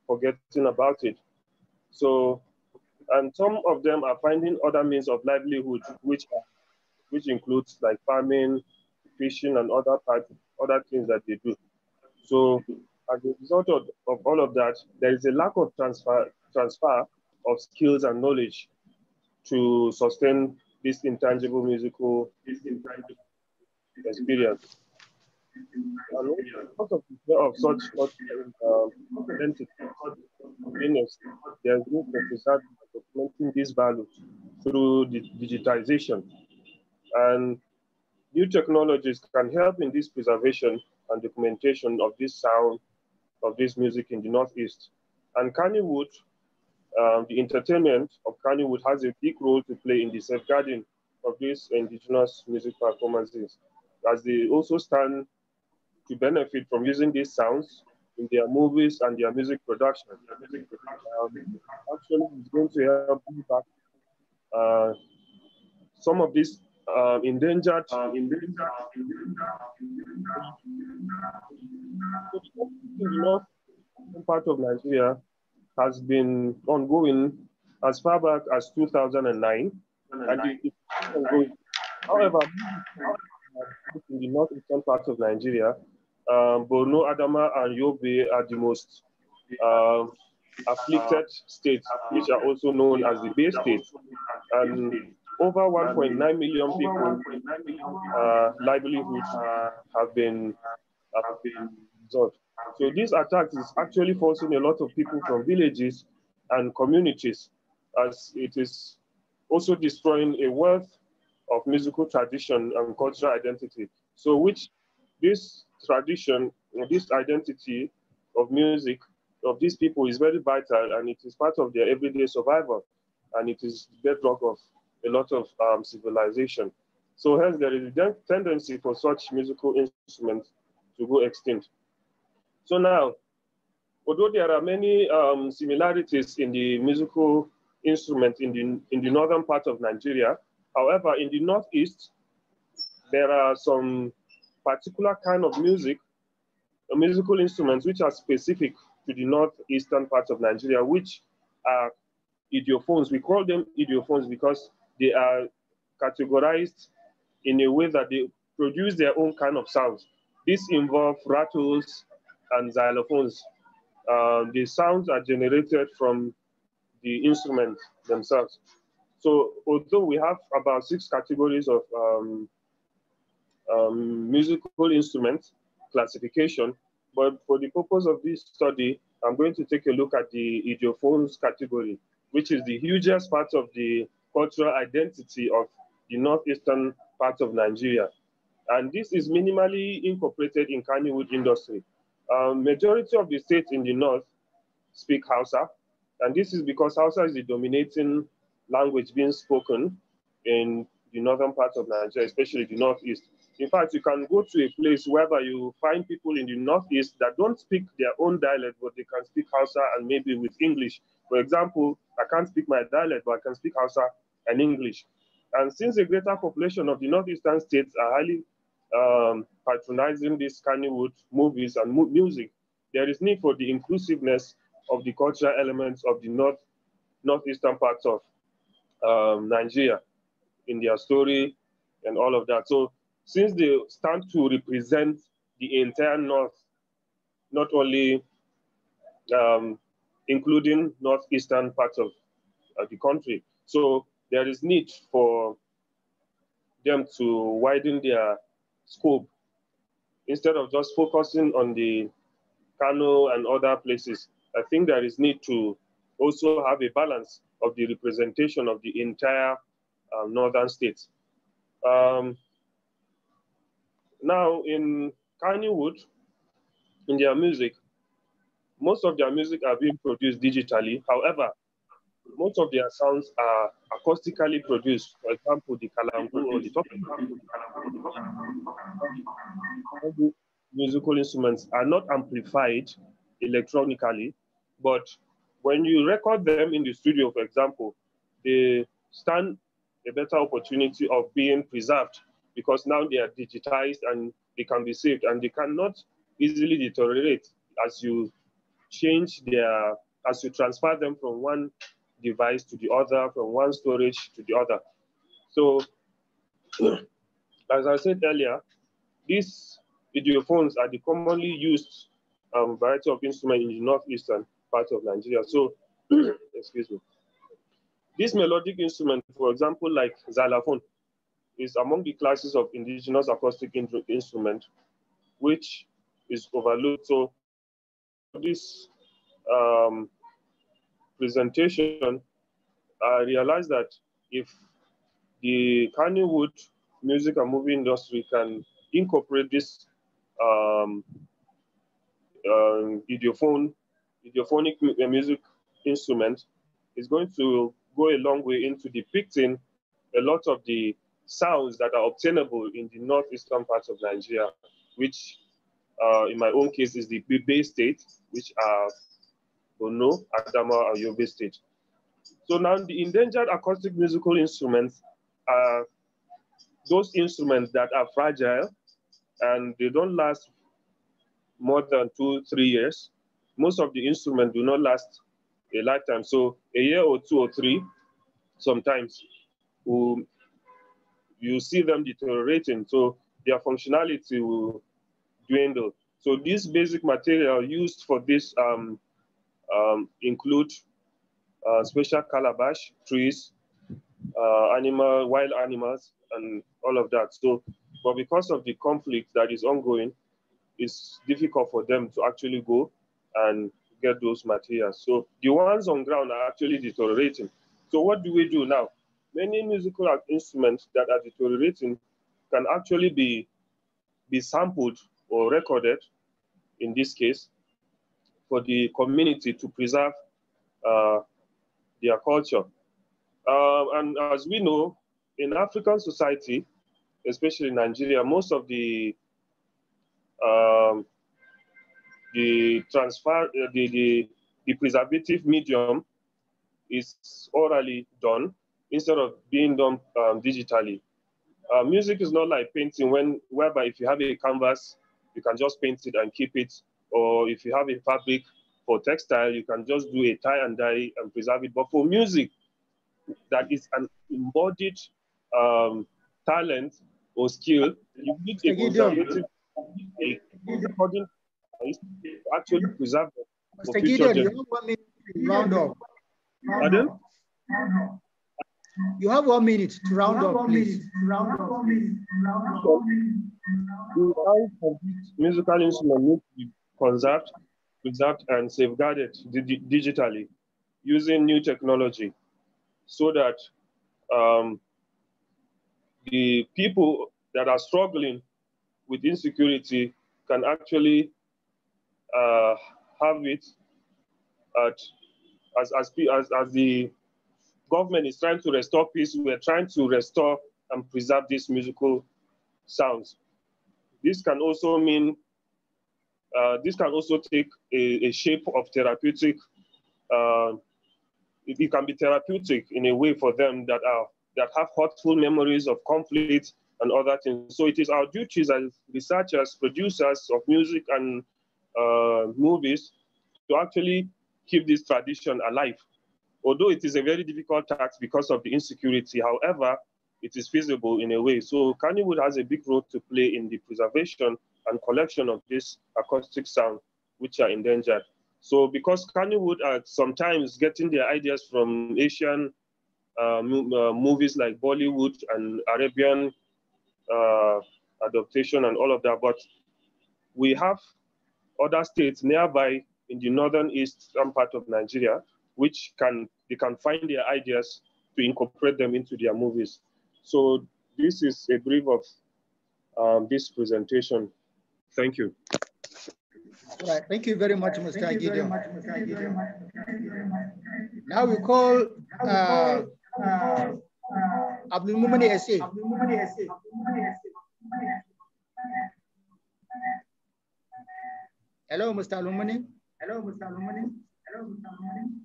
forgetting about it. So and some of them are finding other means of livelihood, which which includes like farming, fishing, and other part, other things that they do. So as a result of, of all of that, there is a lack of transfer transfer of skills and knowledge to sustain this intangible musical this intangible experience. And because of the fear of such um, identity, there is no necessity documenting these values through the digitization. And new technologies can help in this preservation and documentation of this sound, of this music in the Northeast. And Kannywood, um, the entertainment of Kannywood has a big role to play in the safeguarding of these indigenous music performances, as they also stand to benefit from using these sounds in their movies and their music production. Their music production. Um, actually, it's going to help back uh, some of these uh, endangered, uh, endangered, endangered, part of Nigeria has been ongoing as far back as 2009. 2009. It, it, however, in the northeastern part of Nigeria, um, Borno, Adama, and Yobe are the most um, afflicted states, which are also known as the Bay States. And over 1.9 million people, uh, livelihoods have been absorbed. So this attack is actually forcing a lot of people from villages and communities, as it is also destroying a wealth of musical tradition and cultural identity. So which this tradition, uh, this identity of music of these people is very vital and it is part of their everyday survival and it is the bedrock of a lot of um, civilization. So hence there is a tendency for such musical instruments to go extinct. So now, although there are many um, similarities in the musical instrument in the, in the northern part of Nigeria, however, in the northeast, there are some particular kind of music, uh, musical instruments which are specific to the northeastern parts of Nigeria, which are idiophones. We call them idiophones because they are categorized in a way that they produce their own kind of sounds. This involves rattles and xylophones. Uh, the sounds are generated from the instruments themselves. So although we have about six categories of um, um, musical instruments classification. But for the purpose of this study, I'm going to take a look at the idiophones category, which is the hugest part of the cultural identity of the northeastern part of Nigeria. And this is minimally incorporated in Kannywood industry. Um, majority of the states in the north speak Hausa, and this is because Hausa is the dominating language being spoken in the northern part of Nigeria, especially the northeast. In fact, you can go to a place wherever you find people in the Northeast that don't speak their own dialect, but they can speak Hausa and maybe with English. For example, I can't speak my dialect, but I can speak Hausa and English. And since the greater population of the Northeastern states are highly um, patronizing these Kannywood movies and music, there is need for the inclusiveness of the cultural elements of the North, Northeastern parts of um, Nigeria in their story and all of that. So since they stand to represent the entire North, not only um, including northeastern parts of, of uh, the country. So there is need for them to widen their scope instead of just focusing on the Kano and other places. I think there is need to also have a balance of the representation of the entire uh, northern states. Um, now, in Wood, in their music, most of their music are being produced digitally. However, most of their sounds are acoustically produced. For example, the kalangu or the top musical instruments are not amplified electronically, but when you record them in the studio, for example, they stand a better opportunity of being preserved because now they are digitized and they can be saved and they cannot easily deteriorate as you change their, as you transfer them from one device to the other, from one storage to the other. So, as I said earlier, these phones are the commonly used um, variety of instruments in the northeastern part of Nigeria. So, excuse me. This melodic instrument, for example, like xylophone, is among the classes of indigenous acoustic in instrument, which is overlooked. So this um, presentation, I realized that if the Kanyewood music and movie industry can incorporate this um, um, idiophone, idiophonic uh, music instrument, it's going to go a long way into depicting a lot of the sounds that are obtainable in the northeastern part of Nigeria, which uh, in my own case is the Bay state, which are Bono, Adama, and Yobe state. So now the endangered acoustic musical instruments are those instruments that are fragile and they don't last more than two, three years. Most of the instruments do not last a lifetime. So a year or two or three, sometimes, will you see them deteriorating. So their functionality will dwindle. So these basic material used for this um, um, include uh, special calabash, trees, uh, animal, wild animals, and all of that. So, but because of the conflict that is ongoing, it's difficult for them to actually go and get those materials. So the ones on ground are actually deteriorating. So what do we do now? many musical instruments that are deteriorating can actually be, be sampled or recorded, in this case, for the community to preserve uh, their culture. Uh, and as we know, in African society, especially in Nigeria, most of the um, the transfer uh, the, the the preservative medium is orally done instead of being done um, digitally. Uh, music is not like painting, when whereby if you have a canvas, you can just paint it and keep it, or if you have a fabric for textile, you can just do a tie and dye and preserve it. But for music, that is an embodied um, talent or skill, you need a recording to actually preserve it. Mr. Gideon, you don't want me to round up. Pardon? You have one minute to round up, please. round up, please. round up. musical instrument need to be conserved, preserved, and safeguarded digitally using new technology so that um, the people that are struggling with insecurity can actually uh, have it at, as, as, as, as the government is trying to restore peace, we are trying to restore and preserve these musical sounds. This can also mean, uh, this can also take a, a shape of therapeutic, uh, it, it, can be therapeutic in a way for them that are that have hurtful memories of conflict and other things. So it is our duties as researchers, producers of music and uh, movies to actually keep this tradition alive Although it is a very difficult task because of the insecurity, however, it is feasible in a way. So Kanyewood has a big role to play in the preservation and collection of this acoustic sound, which are endangered. So because Kanyewood are sometimes getting their ideas from Asian uh, uh, movies like Bollywood and Arabian uh, adaptation and all of that, but we have other states nearby in the northern eastern part of Nigeria which can they can find their ideas to incorporate them into their movies. So this is a brief of um, this presentation. Thank you. All right. Thank you very much, Mr. Gideon. Now we call uh, uh, Abdul Mumani Essay. Hello, Mr. Lumani. Hello, Mr. Lumani. Hello, Mr. Lumani.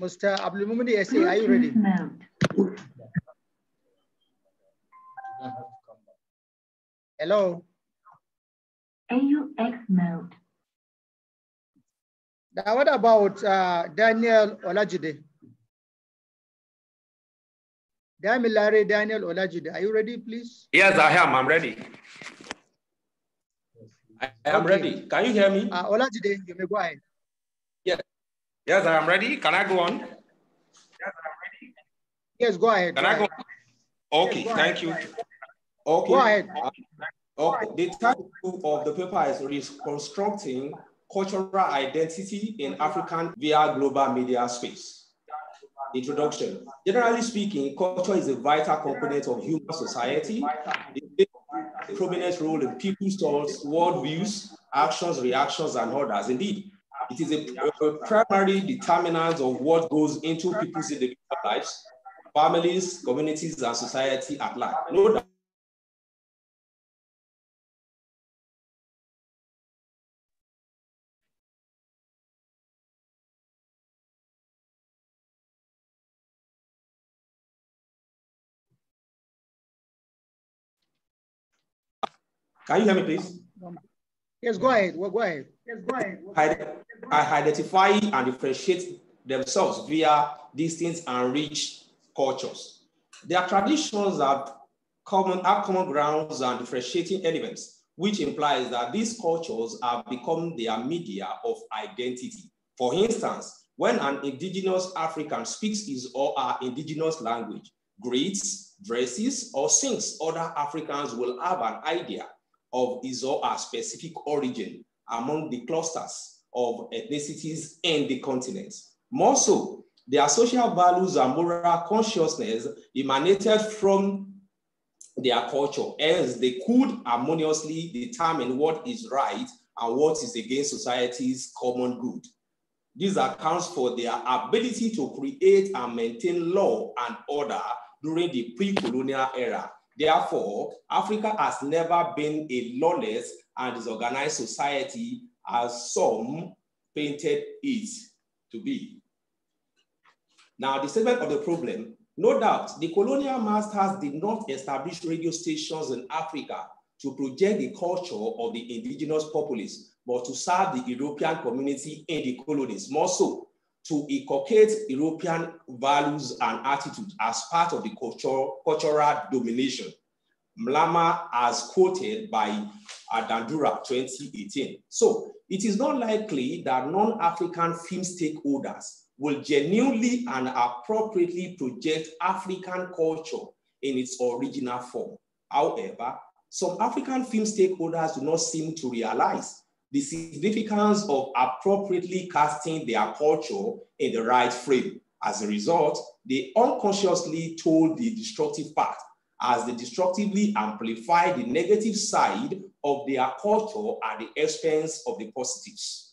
Mr. Abdulmumini Essay, are you ready? Hello. AUX mode. Now, what about uh, Daniel Olajide? Damilare Daniel Olajide, are you ready, please? Yes, I am. I'm ready. I am okay. ready. Can you hear me? Uh, Jide, you may go ahead. Yes. Yes, I am ready. Can I go on? Yes, I am ready. Yes, go ahead. Can go I go? Ahead. Okay, yes, go thank ahead. you. Okay. Go ahead. Uh, okay. The title of the paper is Reconstructing Cultural Identity in African via Global Media Space. Introduction. Generally speaking, culture is a vital component of human society. The prominent role in people's thoughts, worldviews, actions, reactions, and others. Indeed, it is a, a primary determinant of what goes into people's individual lives, families, communities, and society at large. No doubt Can you hear me, please? Yes, go ahead. Well, go ahead. Yes, go ahead. I identify and differentiate themselves via distinct and rich cultures. Their traditions are common, have common grounds and differentiating elements, which implies that these cultures have become their media of identity. For instance, when an indigenous African speaks his or her indigenous language, greets, dresses, or sings, other Africans will have an idea of his or her specific origin among the clusters of ethnicities and the continents. More so, their social values and moral consciousness emanated from their culture, as they could harmoniously determine what is right and what is against society's common good. This accounts for their ability to create and maintain law and order during the pre-colonial era Therefore, Africa has never been a lawless and disorganized society as some painted it to be. Now, the statement of the problem, no doubt the colonial masters did not establish radio stations in Africa to project the culture of the indigenous populace, but to serve the European community in the colonies more so to inculcate European values and attitudes as part of the culture, cultural domination. Mlama as quoted by Dandura 2018. So it is not likely that non-African film stakeholders will genuinely and appropriately project African culture in its original form. However, some African film stakeholders do not seem to realize the significance of appropriately casting their culture in the right frame. As a result, they unconsciously told the destructive part as they destructively amplify the negative side of their culture at the expense of the positives.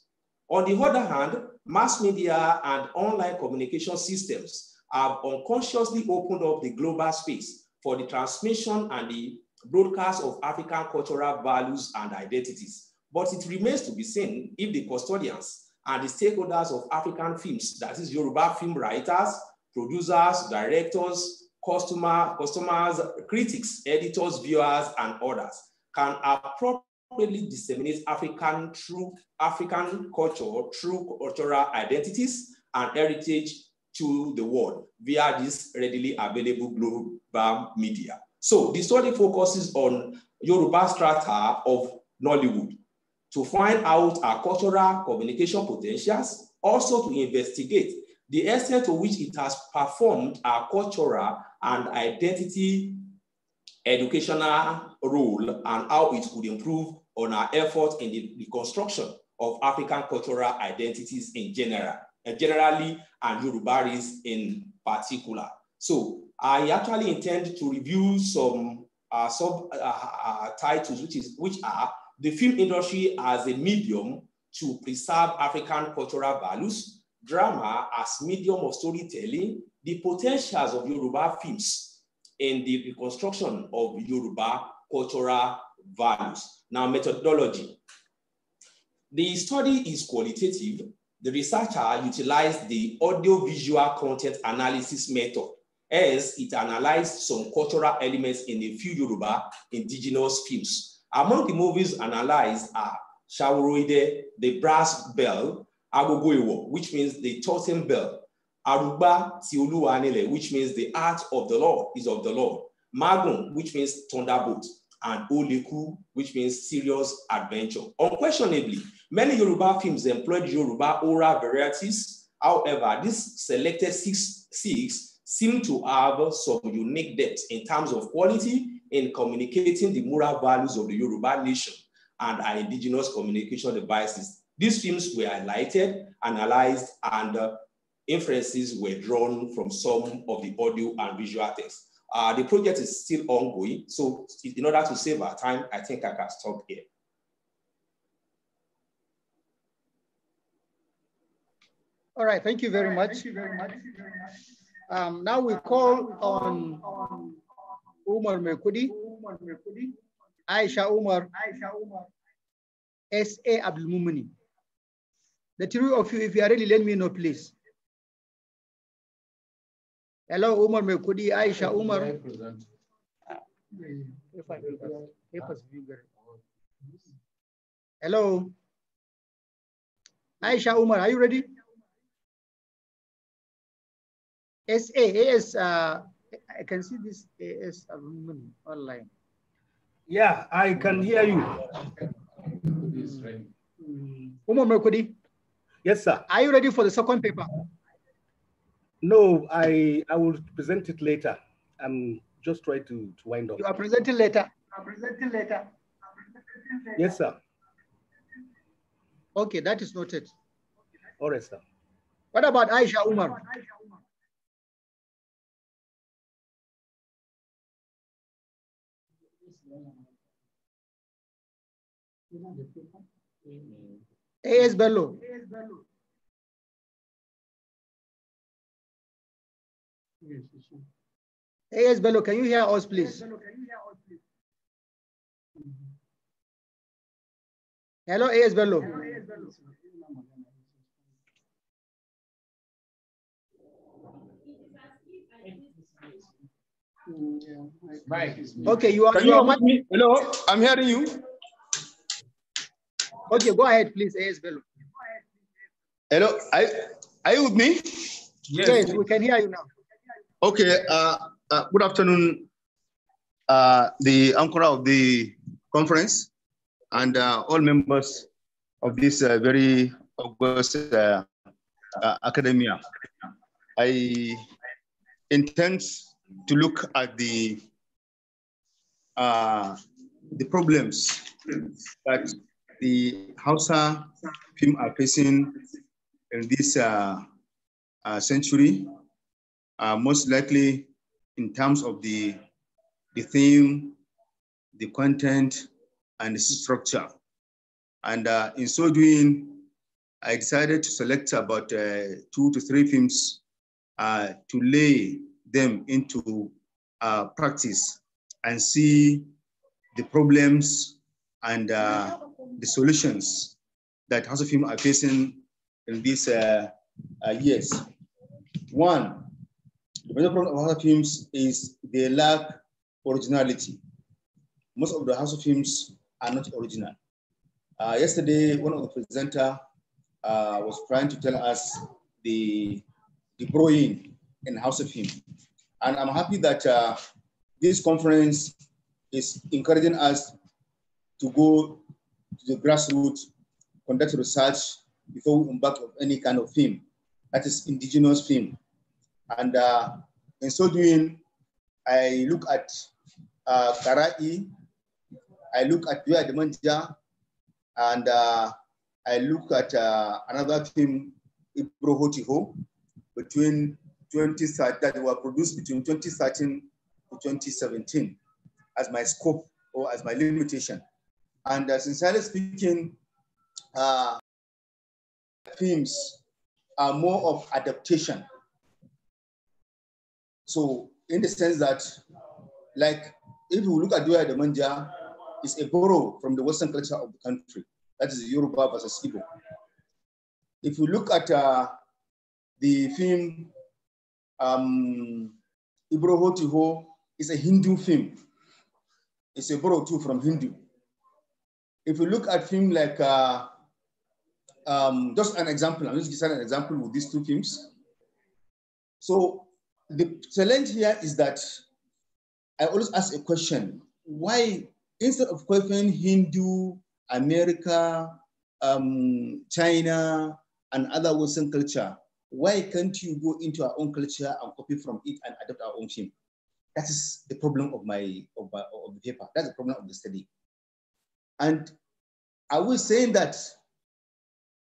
On the other hand, mass media and online communication systems have unconsciously opened up the global space for the transmission and the broadcast of African cultural values and identities but it remains to be seen if the custodians and the stakeholders of African films, that is Yoruba film writers, producers, directors, customer, customers, critics, editors, viewers, and others, can appropriately disseminate African through African culture, through cultural identities and heritage to the world via this readily available global media. So the study focuses on Yoruba strata of Nollywood to find out our cultural communication potentials, also to investigate the extent to which it has performed our cultural and identity educational role and how it could improve on our efforts in the, reconstruction construction of African cultural identities in general, uh, generally, and Yorubaris in particular. So I actually intend to review some uh, sub uh, uh titles, which, is, which are the film industry as a medium to preserve African cultural values, drama as medium of storytelling, the potentials of Yoruba films, in the reconstruction of Yoruba cultural values. Now, methodology. The study is qualitative. The researcher utilized the audiovisual content analysis method as it analyzed some cultural elements in a few Yoruba indigenous films among the movies analyzed are Shaworoide, the brass bell, Agogo which means the totem bell, Aruba Tioluwa which means the art of the Lord is of the Lord, Magun, which means thunderbolt, and Oliku, which means serious adventure. Unquestionably, many Yoruba films employed Yoruba oral varieties. However, these selected six, six seem to have some unique depth in terms of quality, in communicating the moral values of the Yoruba nation and our indigenous communication devices. These films were highlighted, analyzed, and uh, inferences were drawn from some of the audio and visual texts. Uh, the project is still ongoing, so in order to save our time, I think I can stop here. All right, thank you very much. Thank you very much. Um, now we call on Umar mai kudi Aisha Umar S.A. Abdulmumini. The three of you, if you are really, let me know, please. Hello, Umar mai kudi Aisha Umar. Hello. Aisha Umar, are you ready? S.A. A.S. Uh, I can see this AS woman online. Yeah, I can hear you. Mm. Umar Merkudi. Yes, sir. Are you ready for the second paper? No, I I will present it later. I'm just trying to, to wind up. You are presenting later. I'm presenting later. later. Yes, sir. Okay, that is noted. All right, sir. What about Aisha Umar? A.S. Bellu. A.S. below. can you hear us, please? Hello, A.S. Bellu. Okay, you are. Can you you me? hello, I'm hearing you. Okay, go ahead, please, AS Hello, are you with me? Yes. yes, we can hear you now. Okay, uh, uh, good afternoon, uh, the anchor of the conference and uh, all members of this uh, very august uh, academia. I intend to look at the the problems that the Hausa people are facing in this uh, uh, century, uh, most likely in terms of the, the theme, the content, and the structure. And uh, in so doing, I decided to select about uh, two to three films uh, to lay them into practice and see the problems and uh, the solutions that House of films are facing in these uh, uh, years. One, the major problem of House of films is they lack originality. Most of the House of films are not original. Uh, yesterday, one of the presenter uh, was trying to tell us the, the growing in House of Hymn. And I'm happy that uh, this conference is encouraging us to go to the grassroots, conduct research before we embark on any kind of theme, that is indigenous theme. And uh, in so doing, I look at uh, Karai, I look at Yoya Demanja, and uh, I look at uh, another film, Ibro Hotiho, between 2013, that were produced between 2013 to 2017 as my scope or as my limitation. And uh, sincerely speaking, uh, themes are more of adaptation. So in the sense that, like, if you look at Dua Manja, it's a borrow from the Western culture of the country. That is Yoruba versus Igbo. If you look at uh, the film um, Ibro Hotiho, it's a Hindu film. It's a borrow too from Hindu if you look at film like, uh, um, just an example, I'm just giving an example with these two films. So the challenge here is that I always ask a question, why, instead of questioning Hindu, America, um, China, and other Western culture, why can't you go into our own culture and copy from it and adopt our own film? That is the problem of my, of, my, of the paper. That's the problem of the study. And are we saying that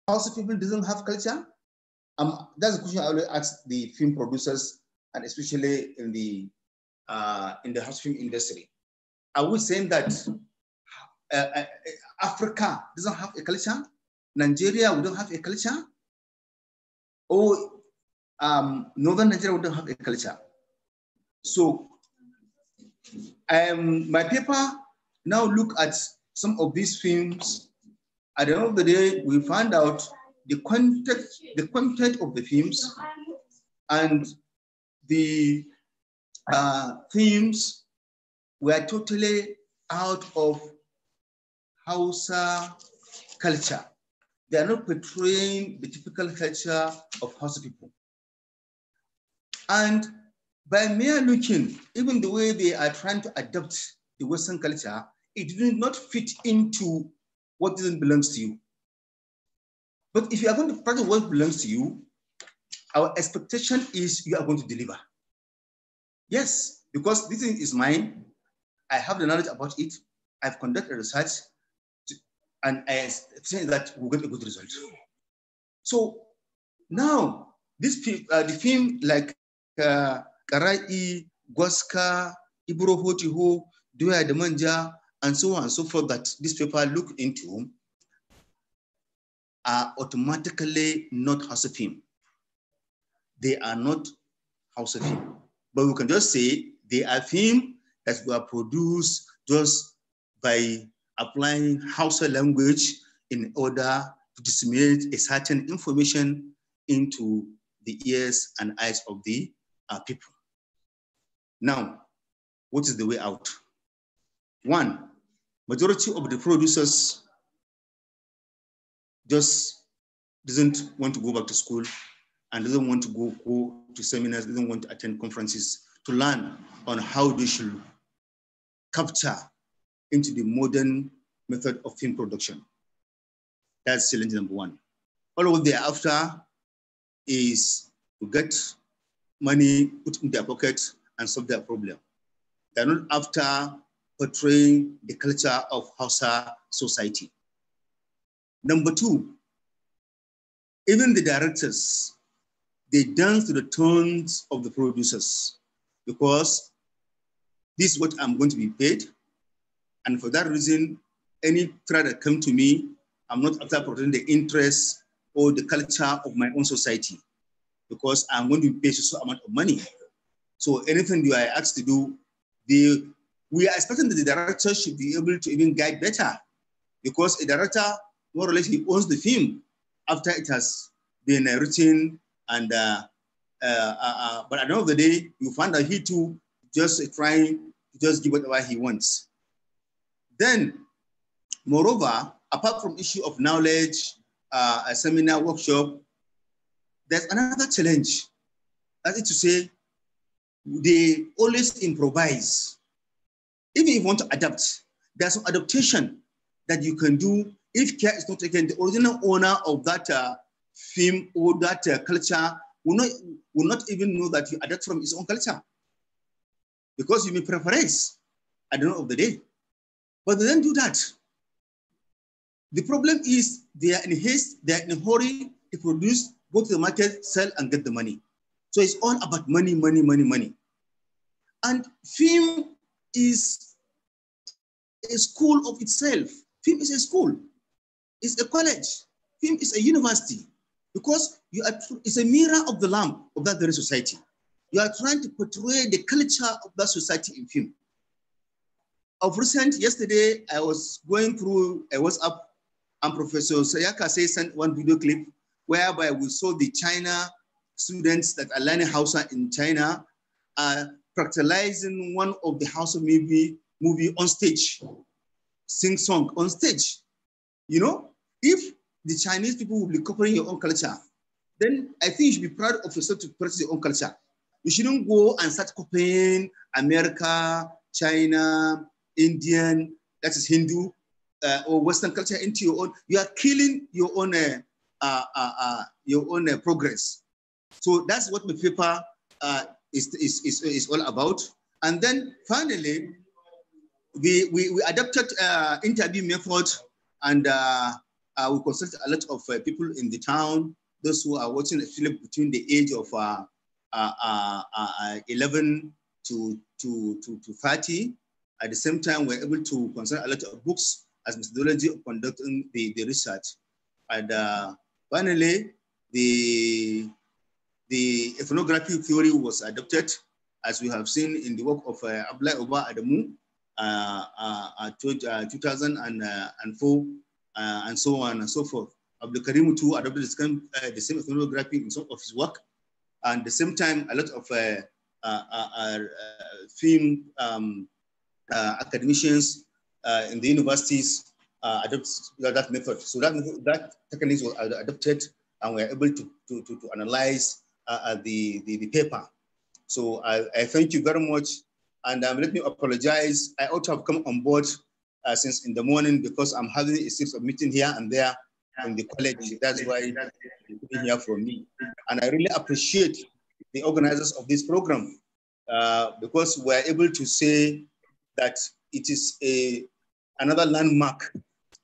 House people doesn't have culture? Um, that's a question I always ask the film producers and especially in the uh, in the house film industry. Are we saying that uh, uh, Africa doesn't have a culture? Nigeria, we don't have a culture? Or um, Northern Nigeria, we don't have a culture? So um, my paper now look at some of these films, at the end of the day, we find out the content, the content of the films and the uh, themes were totally out of Hausa culture. They are not portraying the typical culture of Hausa people. And by mere looking, even the way they are trying to adopt the Western culture, it did not fit into what doesn't belong to you. But if you are going to practice what belongs to you, our expectation is you are going to deliver. Yes, because this thing is mine. I have the knowledge about it. I've conducted research, to, and I say that we'll get a good result. So now, this uh, the film like uh, Karai, Gwaska, Ibro Hotiho, Doya Demanja, and so on and so forth that this paper look into are automatically not House of Him. They are not House of Him. But we can just say they are Him that were produced just by applying house language in order to disseminate a certain information into the ears and eyes of the uh, people. Now, what is the way out? One, majority of the producers just doesn't want to go back to school and doesn't want to go, go to seminars, doesn't want to attend conferences to learn on how they should capture into the modern method of film production. That's challenge number one. All of they after is to get money, put in their pocket, and solve their problem. They're not after portraying the culture of Hausa society. Number two, even the directors, they dance to the tones of the producers because this is what I'm going to be paid. And for that reason, any threat that come to me, I'm not after protecting the interests or the culture of my own society because I'm going to be paid a certain amount of money. So anything you I ask to do, they we are expecting that the director should be able to even guide better because a director, more or less, he owns the film after it has been uh, written. And uh, uh, uh, uh, But at the end of the day, you find that he too just trying to just give whatever he wants. Then, moreover, apart from issue of knowledge, uh, a seminar, workshop, there's another challenge. That is to say, they always improvise even if you want to adapt, there's some adaptation that you can do if care is not taken. The original owner of that uh, film or that uh, culture will not, will not even know that you adapt from his own culture because you may preference at the end of the day. But they don't do that. The problem is they are in haste, they are in a hurry to produce, go to the market, sell, and get the money. So it's all about money, money, money, money. And film is a school of itself. Film is a school, it's a college, film is a university because you are it's a mirror of the lamp of that very society. You are trying to portray the culture of that society in film. Of recent, yesterday, I was going through a WhatsApp and Professor Sayaka Say sent one video clip whereby we saw the China students that are learning Hausa in China are uh, characterizing one of the House of Movie, movie on stage, sing song on stage. You know, if the Chinese people will be copying your own culture, then I think you should be proud of yourself to practice your own culture. You shouldn't go and start copying America, China, Indian, that is Hindu, uh, or Western culture into your own. You are killing your own, uh, uh, uh, uh your own uh, progress. So that's what my paper is, is, is, is all about. And then finally, we, we, we adopted uh, interview method and uh, uh, we consulted a lot of uh, people in the town, those who are watching film between the age of uh, uh, uh, 11 to, to, to, to 30. At the same time, we're able to consult a lot of books as methodology of conducting the, the research. And finally, the the ethnography theory was adopted, as we have seen in the work of uh, Ablai Oba Adamu, uh, uh, uh, uh 2004, uh, and so on and so forth. Abdul Karim too adopted the same, the same ethnography in some of his work. And at the same time, a lot of uh, film um, academicians in the universities adopt that method. So that, that technique was adopted and we are able to, to, to, to analyze uh, uh, the, the, the, paper. So I, I, thank you very much. And um, let me apologize. I ought to have come on board uh, since in the morning because I'm having a series of meeting here and there in the college. That's why you did here for me. And I really appreciate the organizers of this program uh, because we're able to say that it is a another landmark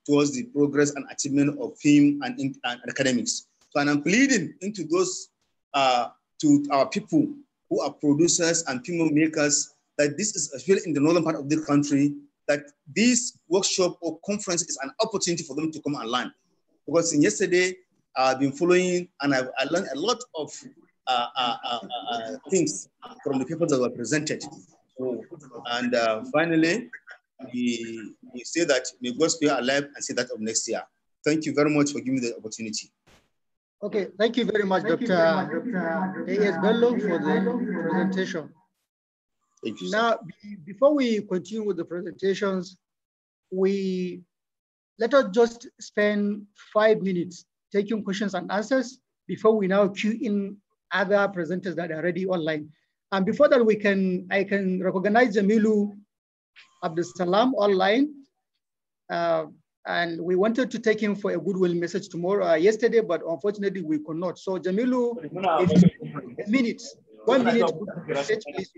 towards the progress and achievement of him and, and academics. So, and I'm pleading into those uh, to our people who are producers and film makers that this is especially in the northern part of the country that this workshop or conference is an opportunity for them to come and learn. Because in yesterday, I've been following and I've, I learned a lot of uh, uh, uh, uh things from the people that were presented. So, and uh, finally, we, we say that may God spare our life and see that of next year. Thank you very much for giving me the opportunity. Okay, thank you very much, Dr. A.S. Uh, Bello, for the presentation. Thank you. Sir. Now, before we continue with the presentations, we let us just spend five minutes taking questions and answers before we now queue in other presenters that are already online. And before that, we can I can recognize Jamilu Abdus Salam online. Uh, and we wanted to take him for a goodwill message tomorrow, uh, yesterday, but unfortunately we could not. So Jamilu, if, a minute, one minute message, please.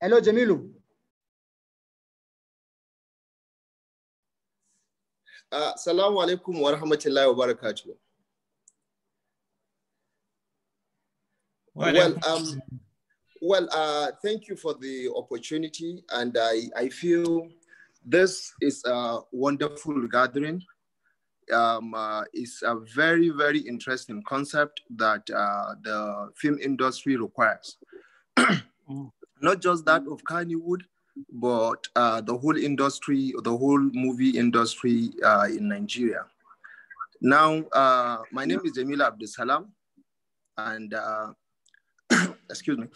Hello, Jamilu. Uh, Salamu alaikum wa rahmatullahi wa barakatuh. Well, um, well, uh, thank you for the opportunity. And I, I feel this is a wonderful gathering. Um, uh, it's a very, very interesting concept that uh, the film industry requires. Not just that of Kannywood, but uh, the whole industry, the whole movie industry uh, in Nigeria. Now, uh, my name is Emil Abdesalam, and uh, excuse me,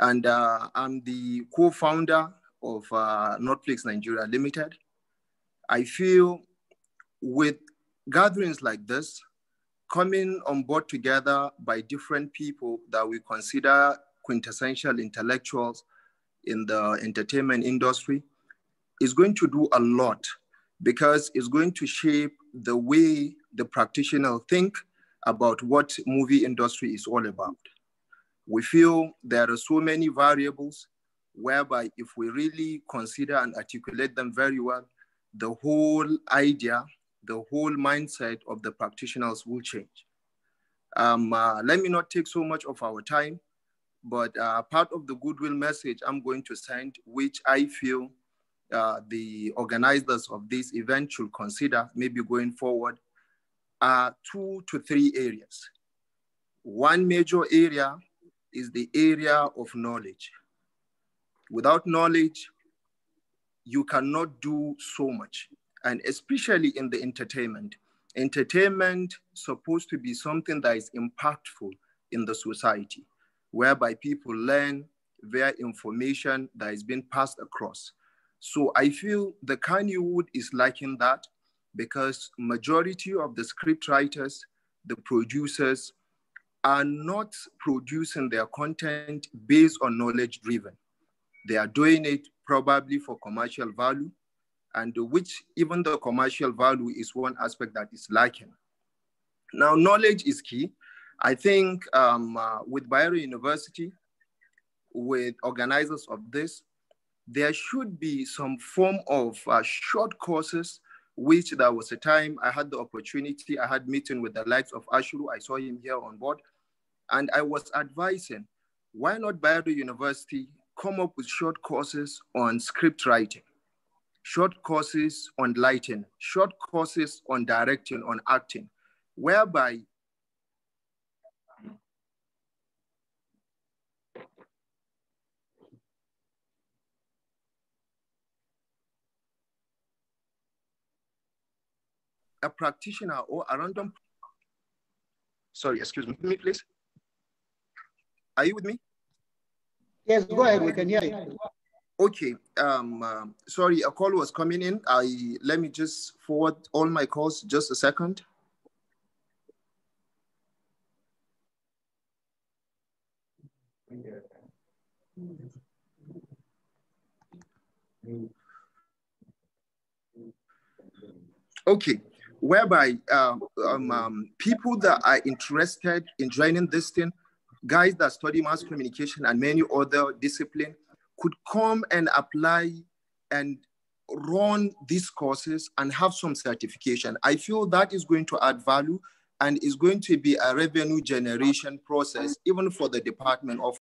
and uh, I'm the co-founder of uh, Netflix Nigeria Limited. I feel with gatherings like this, coming on board together by different people that we consider quintessential intellectuals in the entertainment industry is going to do a lot because it's going to shape the way the practitioner think about what movie industry is all about. We feel there are so many variables whereby if we really consider and articulate them very well, the whole idea, the whole mindset of the practitioners will change. Um, uh, let me not take so much of our time, but uh, part of the goodwill message I'm going to send, which I feel uh, the organizers of this event should consider maybe going forward, are two to three areas. One major area is the area of knowledge. Without knowledge, you cannot do so much, and especially in the entertainment. Entertainment supposed to be something that is impactful in the society, whereby people learn their information that is being passed across. So I feel the would is liking that because majority of the script writers, the producers, are not producing their content based on knowledge driven. They are doing it probably for commercial value, and which even the commercial value is one aspect that is lacking. Now, knowledge is key. I think um, uh, with Bayero University, with organizers of this, there should be some form of uh, short courses which there was a time I had the opportunity, I had meeting with the likes of Ashuru, I saw him here on board, and I was advising, why not Bayado University come up with short courses on script writing, short courses on lighting, short courses on directing, on acting, whereby a practitioner or a random. Sorry, excuse me, please. Are you with me? Yes, go ahead. We can hear you. Okay. Um, um, sorry, a call was coming in. I let me just forward all my calls. Just a second. Okay whereby uh, um, um, people that are interested in joining this thing, guys that study mass communication and many other discipline, could come and apply and run these courses and have some certification. I feel that is going to add value and is going to be a revenue generation process, even for the Department of